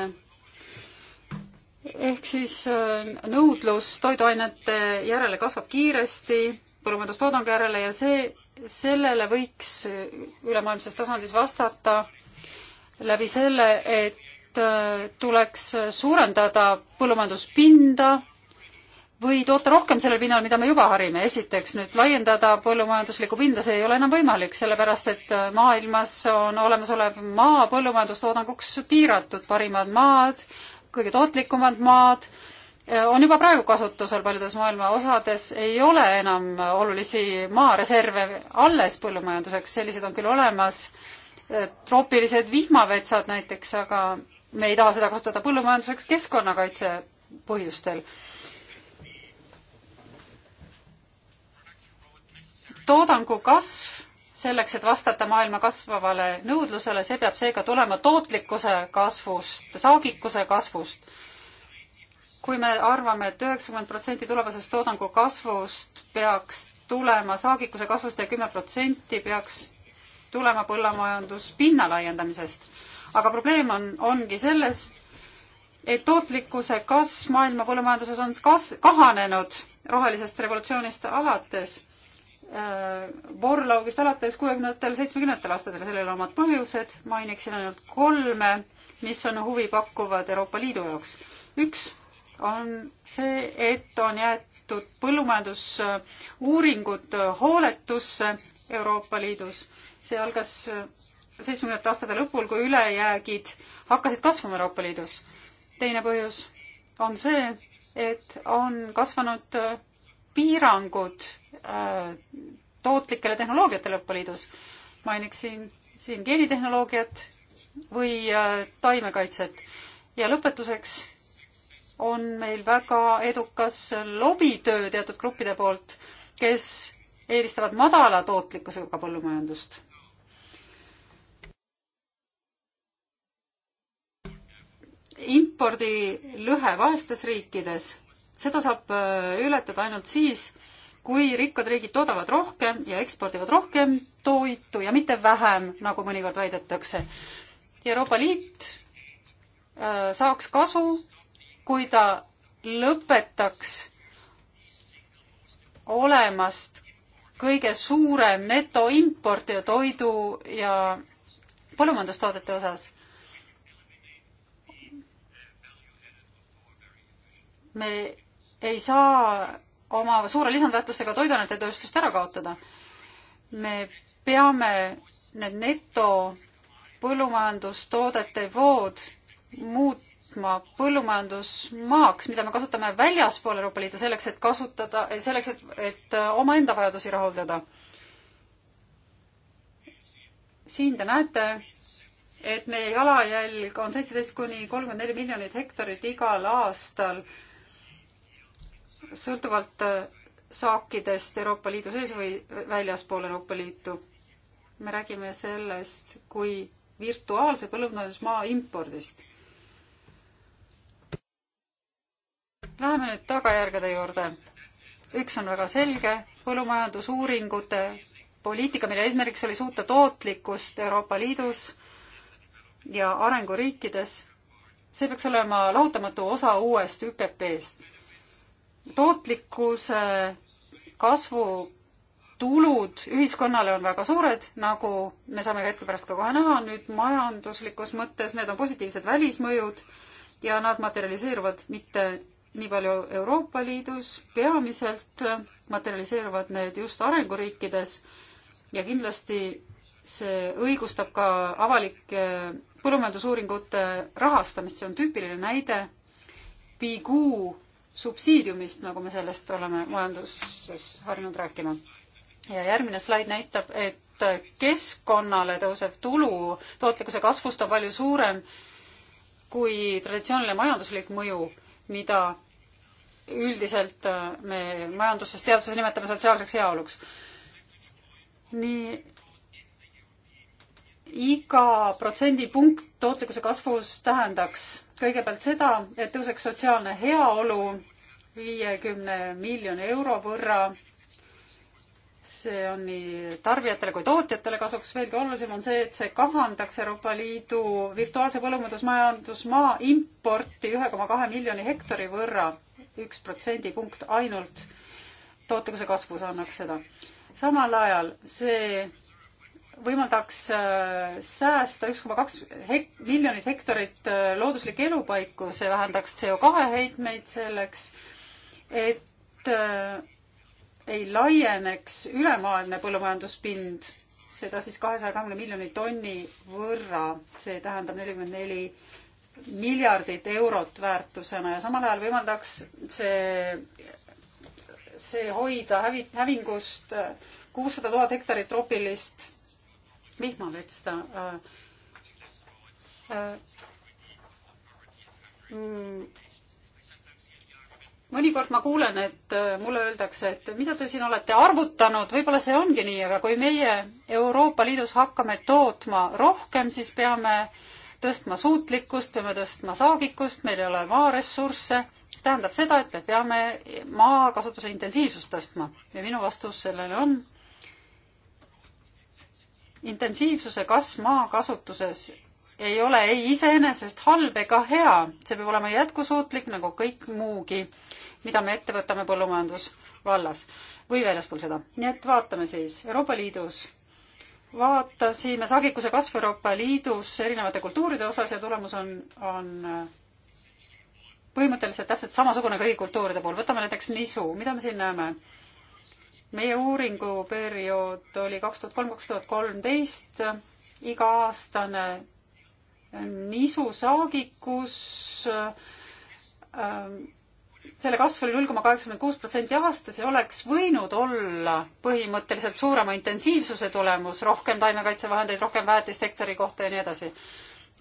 ehk siis äh, nõudlus toiduainete järele kasvab kiiresti, põllumajandustoodangu järele ja see, sellele võiks ülemaailmses tasandis vastata läbi selle, et äh, tuleks suurendada põllumajanduspinda või toota rohkem sellel pinnal, mida me juba harime. esiteks nüüd laiendada põllumajanduslikku pinda, see ei ole enam võimalik, sellepärast et äh, maailmas on olemasolev maa põllumajandustoodanguks piiratud, parimad maad, kõige tootlikumad maad äh, on juba praegu kasutusel paljudes maailma osades, ei ole enam olulisi maareserve alles põllumajanduseks, sellised on küll olemas Äh, troopilised vihmavetsad näiteks, aga me ei taha seda kasutada põllumajanduseks keskkonnakaitse põhjustel. toodangu kasv selleks, et vastata maailma kasvavale nõudlusele, see peab seega tulema tootlikkuse kasvust, saagikuse kasvust. kui me arvame et, et üheksakümmend protsenti tulevasest toodangu kasvust peaks tulema saagikuse kasvust ja kümme protsenti peaks tulema põllamajandus pinnalaiendamisest. aga probleem on, ongi selles, et tootlikkuse kasv maailma põllumajanduses on kas-, kahanenud rohelisest revolutsioonist alates äh,, Borlaugist alates kuuekümnendatel, seitsmekümnendatel aastatel, sellel on omad põhjused, mainiksin ainult kolme, mis on huvipakkuvad Euroopa Liidu jaoks. üks on see, et on jäetud põllumajandusuuringud äh, äh, hooletusse Euroopa Liidus see algas äh, seitsmekümnendate aastate lõpul, kui ülejäägid hakkasid kasvama Euroopa Liidus. teine põhjus on see, et on kasvanud äh, piirangud äh, tootlikele tehnoloogiatele Euroopa Liidus. mainiksin siin geenitehnoloogiat või taimekaitset. ja lõpetuseks on meil väga edukas lobitöö teatud gruppide poolt, kes eelistavad madala tootlikkusega põllumajandust impordilõhe vaestes riikides, seda saab äh, ületada ainult siis, kui rikkad riigid toodavad rohkem ja ekspordivad rohkem toitu ja mitte vähem, nagu mõnikord väidetakse. Euroopa Liit äh, saaks kasu, kui ta lõpetaks olemast kõige suurem netoimportija toidu ja põllumajandustoodete osas me ei saa oma suure lisandväärtusega toiduainetetööstust ära kaotada. me peame need neto põllumajandustoodete vood muutma põllumajandusmaaks, mida me kasutame väljaspool Euroopa Liitu selleks, et kasutada, selleks, et, et äh, omaenda vajadusi rahuldada. siin te näete, et meie jalajälg on seitseteist kuni kolmkümmend neli miljonit hektarit igal aastal sõltuvalt äh, saakidest Euroopa Liidu sees või väljaspool Euroopa Liitu. me räägime sellest kui virtuaalse põllumajandusmaa impordist. Läheme nüüd tagajärgede juurde. üks on väga selge, põllumajandusuuringute poliitika, mille eesmärgiks oli suuta tootlikkust Euroopa Liidus ja arenguriikides, see peaks olema lahutamatu osa uuest ÜPP-st tootlikkuse kasvu tulud ühiskonnale on väga suured, nagu me saame ka hetke pärast ka kohe näha, nüüd majanduslikus mõttes need on positiivsed välismõjud ja nad materialiseeruvad mitte nii palju Euroopa Liidus, peamiselt materialiseeruvad need just arenguriikides ja kindlasti see õigustab ka avalike põllumajandusuuringute rahastamist, see on tüüpiline näide Piguu subsiidiumist, nagu me sellest oleme majanduses harjunud rääkima. ja järgmine slaid näitab, et keskkonnale tõusev tulu tootlikkuse kasvust on palju suurem kui traditsiooniline majanduslik mõju, mida üldiselt äh, me majanduses, teaduses nimetame sotsiaalseks heaoluks. nii iga protsendipunkt tootlikkuse kasvus tähendaks kõigepealt seda, et tõuseks sotsiaalne heaolu viiekümne miljoni euro võrra. see on nii tarbijatele kui tootjatele kasuks. veelgi olulisem on see, et see kahandaks Euroopa Liidu virtuaalse põllumajandusmajandusmaa importi ühe koma kahe miljoni hektari võrra, üks protsendipunkt ainult. tootlikkuse kasvus annaks seda. samal ajal see võimaldaks äh, säästa üks koma kaks hek-, miljonit hektarit äh, looduslikke elupaiku, see vähendaks CO2 heitmeid selleks, et äh, ei laieneks ülemaailmne põllumajanduspind, seda siis kahesaja kahekümne miljoni tonni võrra, see tähendab nelikümmend neli miljardit eurot väärtusena ja samal ajal võimaldaks see, see hoida hävi-, hävingust kuussada tuhat hektarit troopilist vihma vetsta äh, äh, mm, mõnikord ma kuulen, et äh, mulle öeldakse, et mida te siin olete arvutanud, võib-olla see ongi nii, aga kui meie Euroopa Liidus hakkame tootma rohkem, siis peame tõstma suutlikkust, peame tõstma saagikust, meil ei ole maaressursse, see tähendab seda, et me peame maakasutuse intensiivsust tõstma ja minu vastus sellele on, intensiivsuse kasv maakasutuses ei ole ei iseenesest halb ega hea, see peab olema jätkusuutlik nagu kõik muugi, mida me ette võtame põllumajandusvallas või väljaspool seda. nii et vaatame siis Euroopa Liidus, vaatasime saagikuse kasvu Euroopa Liidus erinevate kultuuride osas ja tulemus on, on põhimõtteliselt täpselt samasugune kõigi kultuuride puhul. võtame näiteks nisu, mida me siin näeme? meie uuringuperiood oli kaks tuhat kolm, kaks tuhat kolmteist, iga-aastane nisusaagikus ähm, selle kasv oli null koma kaheksakümmend kuus protsenti aastas ja oleks võinud olla põhimõtteliselt suurema intensiivsuse tulemus, rohkem taimekaitsevahendeid, rohkem väetist hektari kohta ja nii edasi.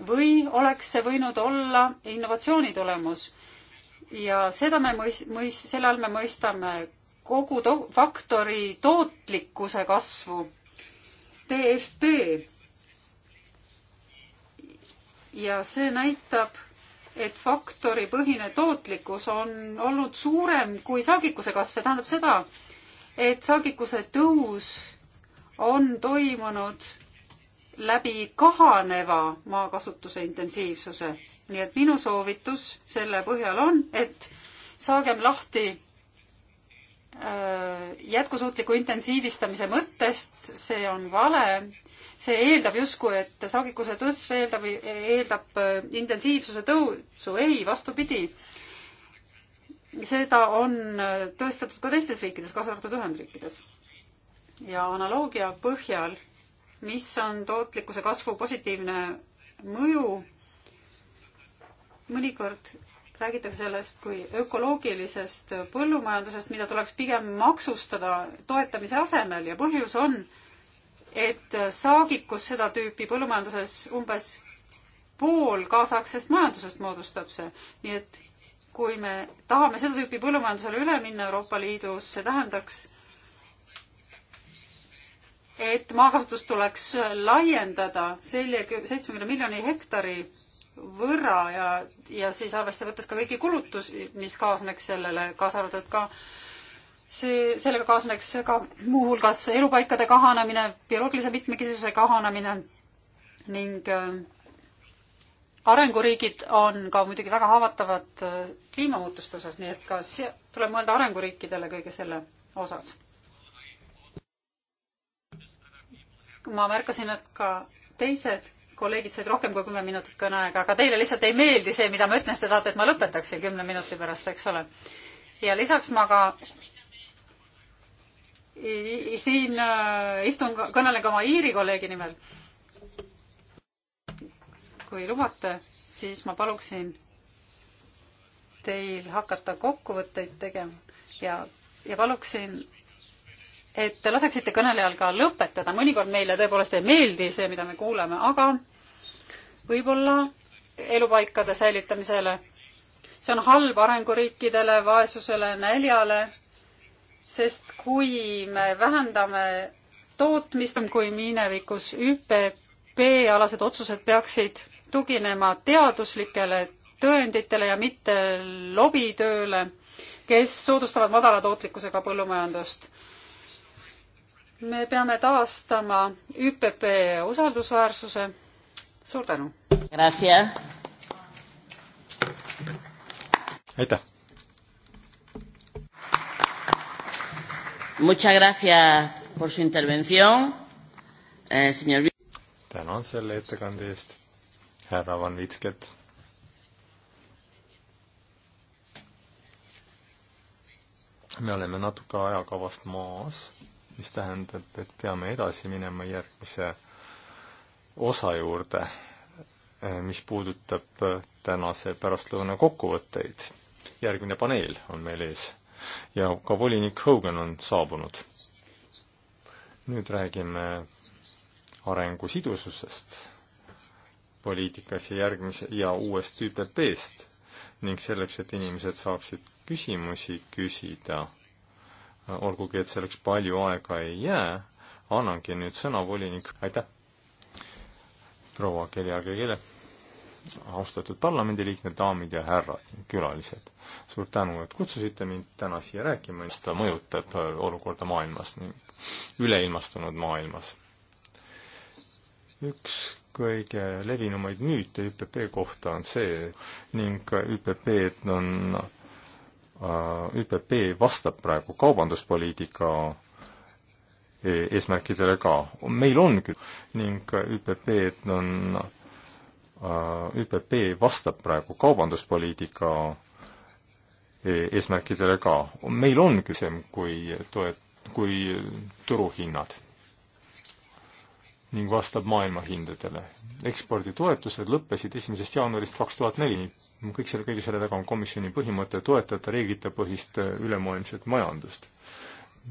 või oleks see võinud olla innovatsiooni tulemus. ja seda me mõis-, mõis-, selle all me mõistame kogu to faktori tootlikkuse kasvu. TFP. ja see näitab, et faktoripõhine tootlikkus on olnud suurem kui saagikuse kasv ja tähendab seda, et saagikuse tõus on toimunud läbi kahaneva maakasutuse intensiivsuse. nii et minu soovitus selle põhjal on, et saagem lahti jätkusuutliku intensiivistamise mõttest, see on vale, see eeldab justkui, et saagikuse tõstv eeldab, eeldab äh, intensiivsuse tõusu, ei, vastupidi. seda on äh, tõestatud ka teistes riikides, kaasa arvatud Ühendriikides. ja analoogia põhjal, mis on tootlikkuse kasvu positiivne mõju, mõnikord räägitakse sellest kui ökoloogilisest põllumajandusest, mida tuleks pigem maksustada toetamise asemel ja põhjus on, et saagikus seda tüüpi põllumajanduses umbes pool kaasaegsest majandusest moodustab see. nii et kui me tahame seda tüüpi põllumajandusele üle minna Euroopa Liidus, see tähendaks, et maakasutust tuleks laiendada selja, seitsmekümne miljoni hektari võrra ja, ja siis arvesse võttes ka kõiki kulutusi, mis kaasneks sellele, kaasa arvatud ka see, sellega kaasneks ka muuhulgas elupaikade kahanemine, bioloogilise mitmekesisuse kahanemine ning äh, arenguriigid on ka muidugi väga haavatavad äh, kliimamuutuste osas, nii et ka see, tuleb mõelda arenguriikidele kõige selle osas. ma märkasin, et ka teised kolleegid said rohkem kui kümme minutit kõneaega, aga teile lihtsalt ei meeldi see, mida ma ütlen, siis te tahate, et ma lõpetaksin kümne minuti pärast, eks ole. ja lisaks ma ka siin äh, istun, kõnelen ka oma Iiri kolleegi nimel. kui lubate, siis ma paluksin teil hakata kokkuvõtteid tegema ja, ja paluksin et laseksite kõnelejal ka lõpetada, mõnikord meile tõepoolest ei meeldi see, mida me kuuleme, aga võib-olla elupaikade säilitamisele. see on halb arenguriikidele, vaesusele, näljale, sest kui me vähendame tootmist, kui minevikus ÜPP-alased otsused peaksid tuginema teaduslikele tõenditele ja mitte lobitööle, kes soodustavad madala tootlikkusega põllumajandust. me peame taastama ÜPP usaldusväärsuse suur tänu! aitäh! Muchas gracias por su intervención, eh, señor. tänan selle ettekande eest, härra Van Vitsket. me oleme natuke ajakavast maas, mis tähendab, et peame edasi minema järgmise osa juurde, eh, mis puudutab eh, tänase pärastlõuna kokkuvõtteid. järgmine paneel on meil ees ja ka volinik Hogan on saabunud. nüüd räägime arengu sidususest poliitikas ja järgmise ja uuest ÜPP-st ning selleks, et inimesed saaksid küsimusi küsida, olgugi et selleks palju aega ei jää, annangi nüüd sõna volinik, aitäh! proua Kelja Kõigile, austatud parlamendiliikmed, daamid ja härrad, külalised. suur tänu, et kutsusite mind täna siia rääkima, mis ta mõjutab äh, olukorda maailmas, üleilmastunud maailmas. üks kõige levinumaid müüte ÜPP kohta on see ning äh, ÜPP-d on, äh, ÜPP vastab praegu kaubanduspoliitika eesmärkidele ka. meil on küll ning äh, ÜPP on, äh, ÜPP vastab praegu kaubanduspoliitika äh, eesmärkidele ka. meil on küsimus, kui toet-, kui turuhinnad ning vastab maailmahindadele. eksporditoetused lõppesid esimesest jaanuarist kaks tuhat neli. kõik selle, kõige selle taga on komisjoni põhimõte toetada reeglitepõhist ülemaailmset majandust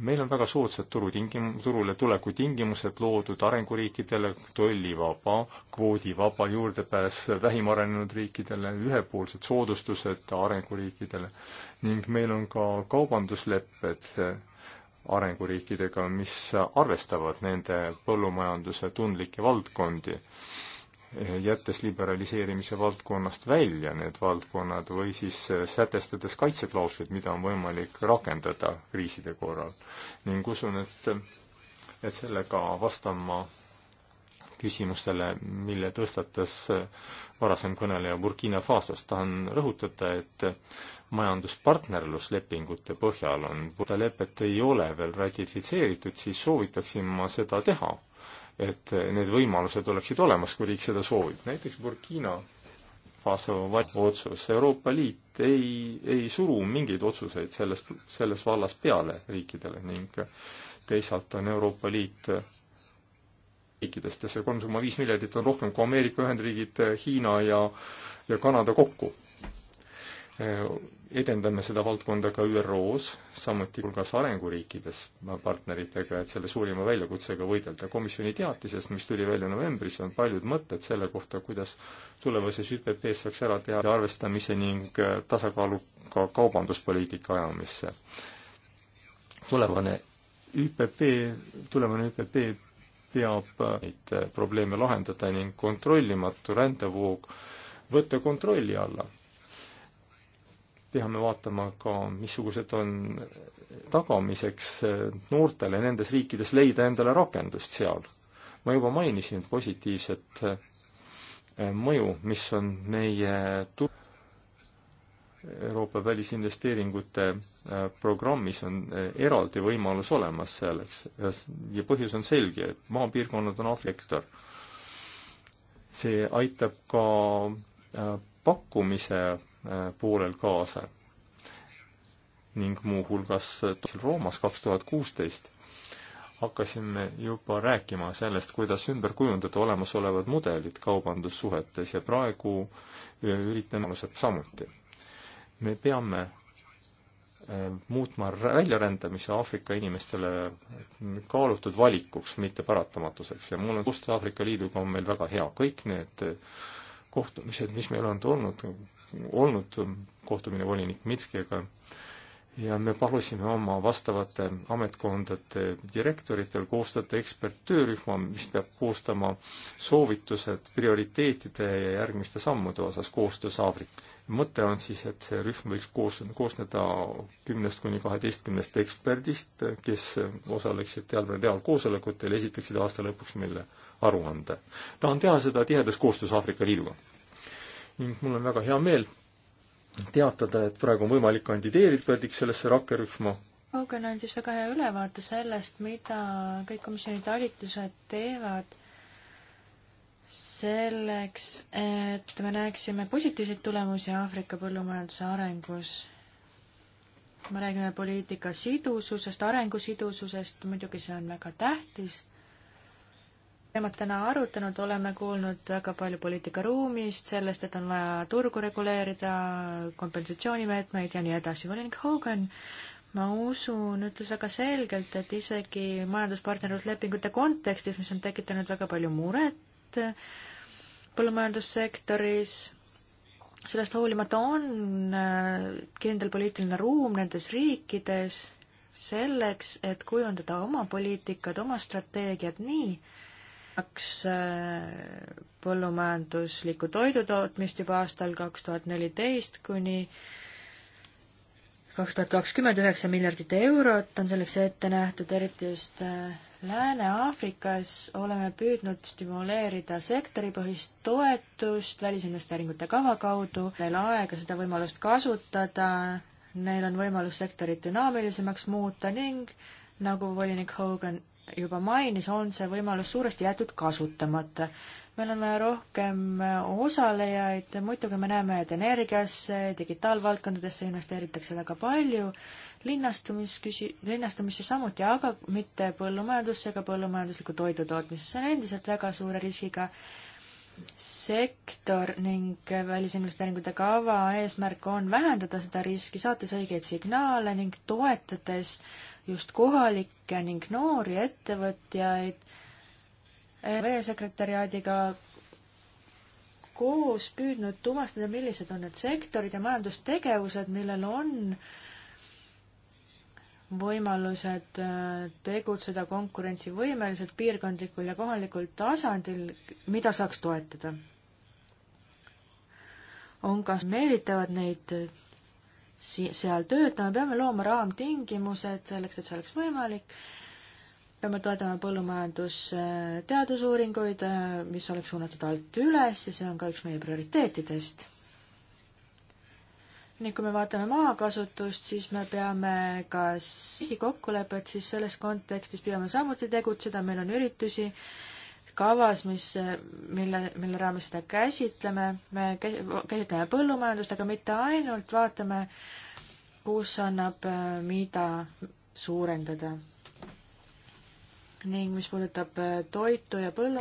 meil on väga soodsad turutingim-, turule tuleku tingimused loodud arenguriikidele, tollivaba, kvoodivaba juurdepääs vähim arenenud riikidele, ühepoolsed soodustused arenguriikidele ning meil on ka kaubanduslepped arenguriikidega, mis arvestavad nende põllumajanduse tundlikke valdkondi jättes liberaliseerimise valdkonnast välja need valdkonnad või siis äh, sätestades kaitseklauslid, mida on võimalik rakendada kriiside korral. ning usun, et, et sellega vastan ma küsimustele, mille tõstatas äh, varasem kõneleja Burkina Fasost. tahan rõhutada, et äh, majanduspartnerluslepingute põhjal on, seda lepet ei ole veel ratifitseeritud, siis soovitaksin ma seda teha et eh, need võimalused oleksid olemas, kui riik seda soovib. näiteks Burkina Faso otsus, Euroopa Liit ei, ei suru mingeid otsuseid selles, selles vallas peale riikidele ning teisalt on Euroopa Liit riikidest ja see kolm koma viis miljardit on rohkem kui Ameerika Ühendriigid, Hiina ja, ja Kanada kokku Äh, edendame seda valdkonda ka ÜRO-s, samuti hulgas arenguriikides partneritega, et selle suurima väljakutsega võidelda. komisjoni teatises, mis tuli välja novembris, on paljud mõtted selle kohta, kuidas tulevases ÜPP-s saaks ära teha arvestamise ning äh, tasakaaluka kaubanduspoliitika ajamisse. tulevane ÜPP, tulevane ÜPP peab äh, neid probleeme lahendada ning kontrollimatu rändevoog võtta kontrolli alla peame vaatama ka, missugused on tagamiseks noortele nendes riikides leida endale rakendust seal. ma juba mainisin positiivset eh, mõju, mis on meie tu-, Euroopa välisinvesteeringute eh, programmis on eh, eraldi võimalus olemas selleks ja, ja põhjus on selge, et maapiirkonnad on afektor. see aitab ka pakkumise Äh, poolel kaasa ning muuhulgas äh, Roomas kaks tuhat kuusteist hakkasime juba rääkima sellest, kuidas ümber kujundada olemasolevad mudelid kaubandussuhetes ja praegu äh, üritame samuti. me peame muutma väljarändamise Aafrika inimestele kaalutud valikuks, mitte paratamatuseks ja mul on koostöö Aafrika Liiduga on meil väga hea, kõik need kohtumised, mis meil on tulnud, olnud kohtumine volinik Mitskiga ja me palusime oma vastavate ametkondade direktoritel koostada eksperttöörühma, mis peab koostama soovitused prioriteetide ja järgmiste sammude osas koostöös Aafrika. mõte on siis, et see rühm võiks koos, koosneda kümnest kuni kaheteistkümnest eksperdist, kes osaleksid teadvale reaalkoosolekutel ja esitaksid aasta lõpuks meile aruande. tahan teha seda tihedas koostöös Aafrika Liiduga ning mul on väga hea meel teatada, et praegu on võimalik kandideerida verdiks sellesse rakkerühma. Augen andis väga hea ülevaate sellest, mida kõik komisjoni talitused teevad selleks, et me näeksime positiivseid tulemusi Aafrika põllumajanduse arengus. me räägime poliitika sidususest, arengu sidususest, muidugi see on väga tähtis teemat täna arutanud, oleme kuulnud väga palju poliitikaruumist, sellest, et on vaja turgu reguleerida, kompensatsioonimeetmeid ja nii edasi. volinik Hogan, ma usun, ütles väga selgelt, et isegi majanduspartnerluslepingute kontekstis, mis on tekitanud väga palju muret põllumajandussektoris, sellest hoolimata on äh, kindel poliitiline ruum nendes riikides selleks, et kujundada oma poliitikad, oma strateegiad nii, kaks äh, põllumajanduslikku toidutootmist juba aastal kaks tuhat neliteist kuni kaks tuhat kakskümmend üheksa miljardit eurot on selleks ette nähtud, eriti just äh, Lääne-Aafrikas oleme püüdnud stimuleerida sektoripõhist toetust välisinvesteeringute kava kaudu, neil aega seda võimalust kasutada, neil on võimalus sektorit dünaamilisemaks muuta ning nagu volinik Hogan juba mainis, on see võimalus suuresti jäetud kasutamata. meil on vaja rohkem osalejaid, muidugi me näeme, et energiasse, digitaalvaldkondadesse investeeritakse väga palju, linnastumisküsi-, linnastumisse samuti, aga mitte põllumajandusse ega põllumajandusliku toidu tootmisesse, see on endiselt väga suure riskiga sektor ning välisinvesteeringute kava eesmärk on vähendada seda riski, saates õigeid signaale ning toetades just kohalikke ning noori ettevõtjaid. veesekretäriaadiga koos püüdnud tuvastada, millised on need sektorid ja majandustegevused, millel on äh, võimalused äh, tegutseda konkurentsivõimeliselt piirkondlikul ja kohalikul tasandil, mida saaks toetada. on ka meelitavad neid äh, si-, seal töötama, peame looma raamtingimused selleks, et see oleks võimalik, peame toetama põllumajandusteadusuuringuid, äh, mis oleks suunatud alt üles ja see on ka üks meie prioriteetidest ning kui me vaatame maakasutust, siis me peame ka kokkulepet, siis selles kontekstis peame samuti tegutseda, meil on üritusi kavas, mis, mille, mille raames seda käsitleme, me käsitleme põllumajandust, aga mitte ainult, vaatame, kus annab mida suurendada. ning mis puudutab toitu ja põllu-,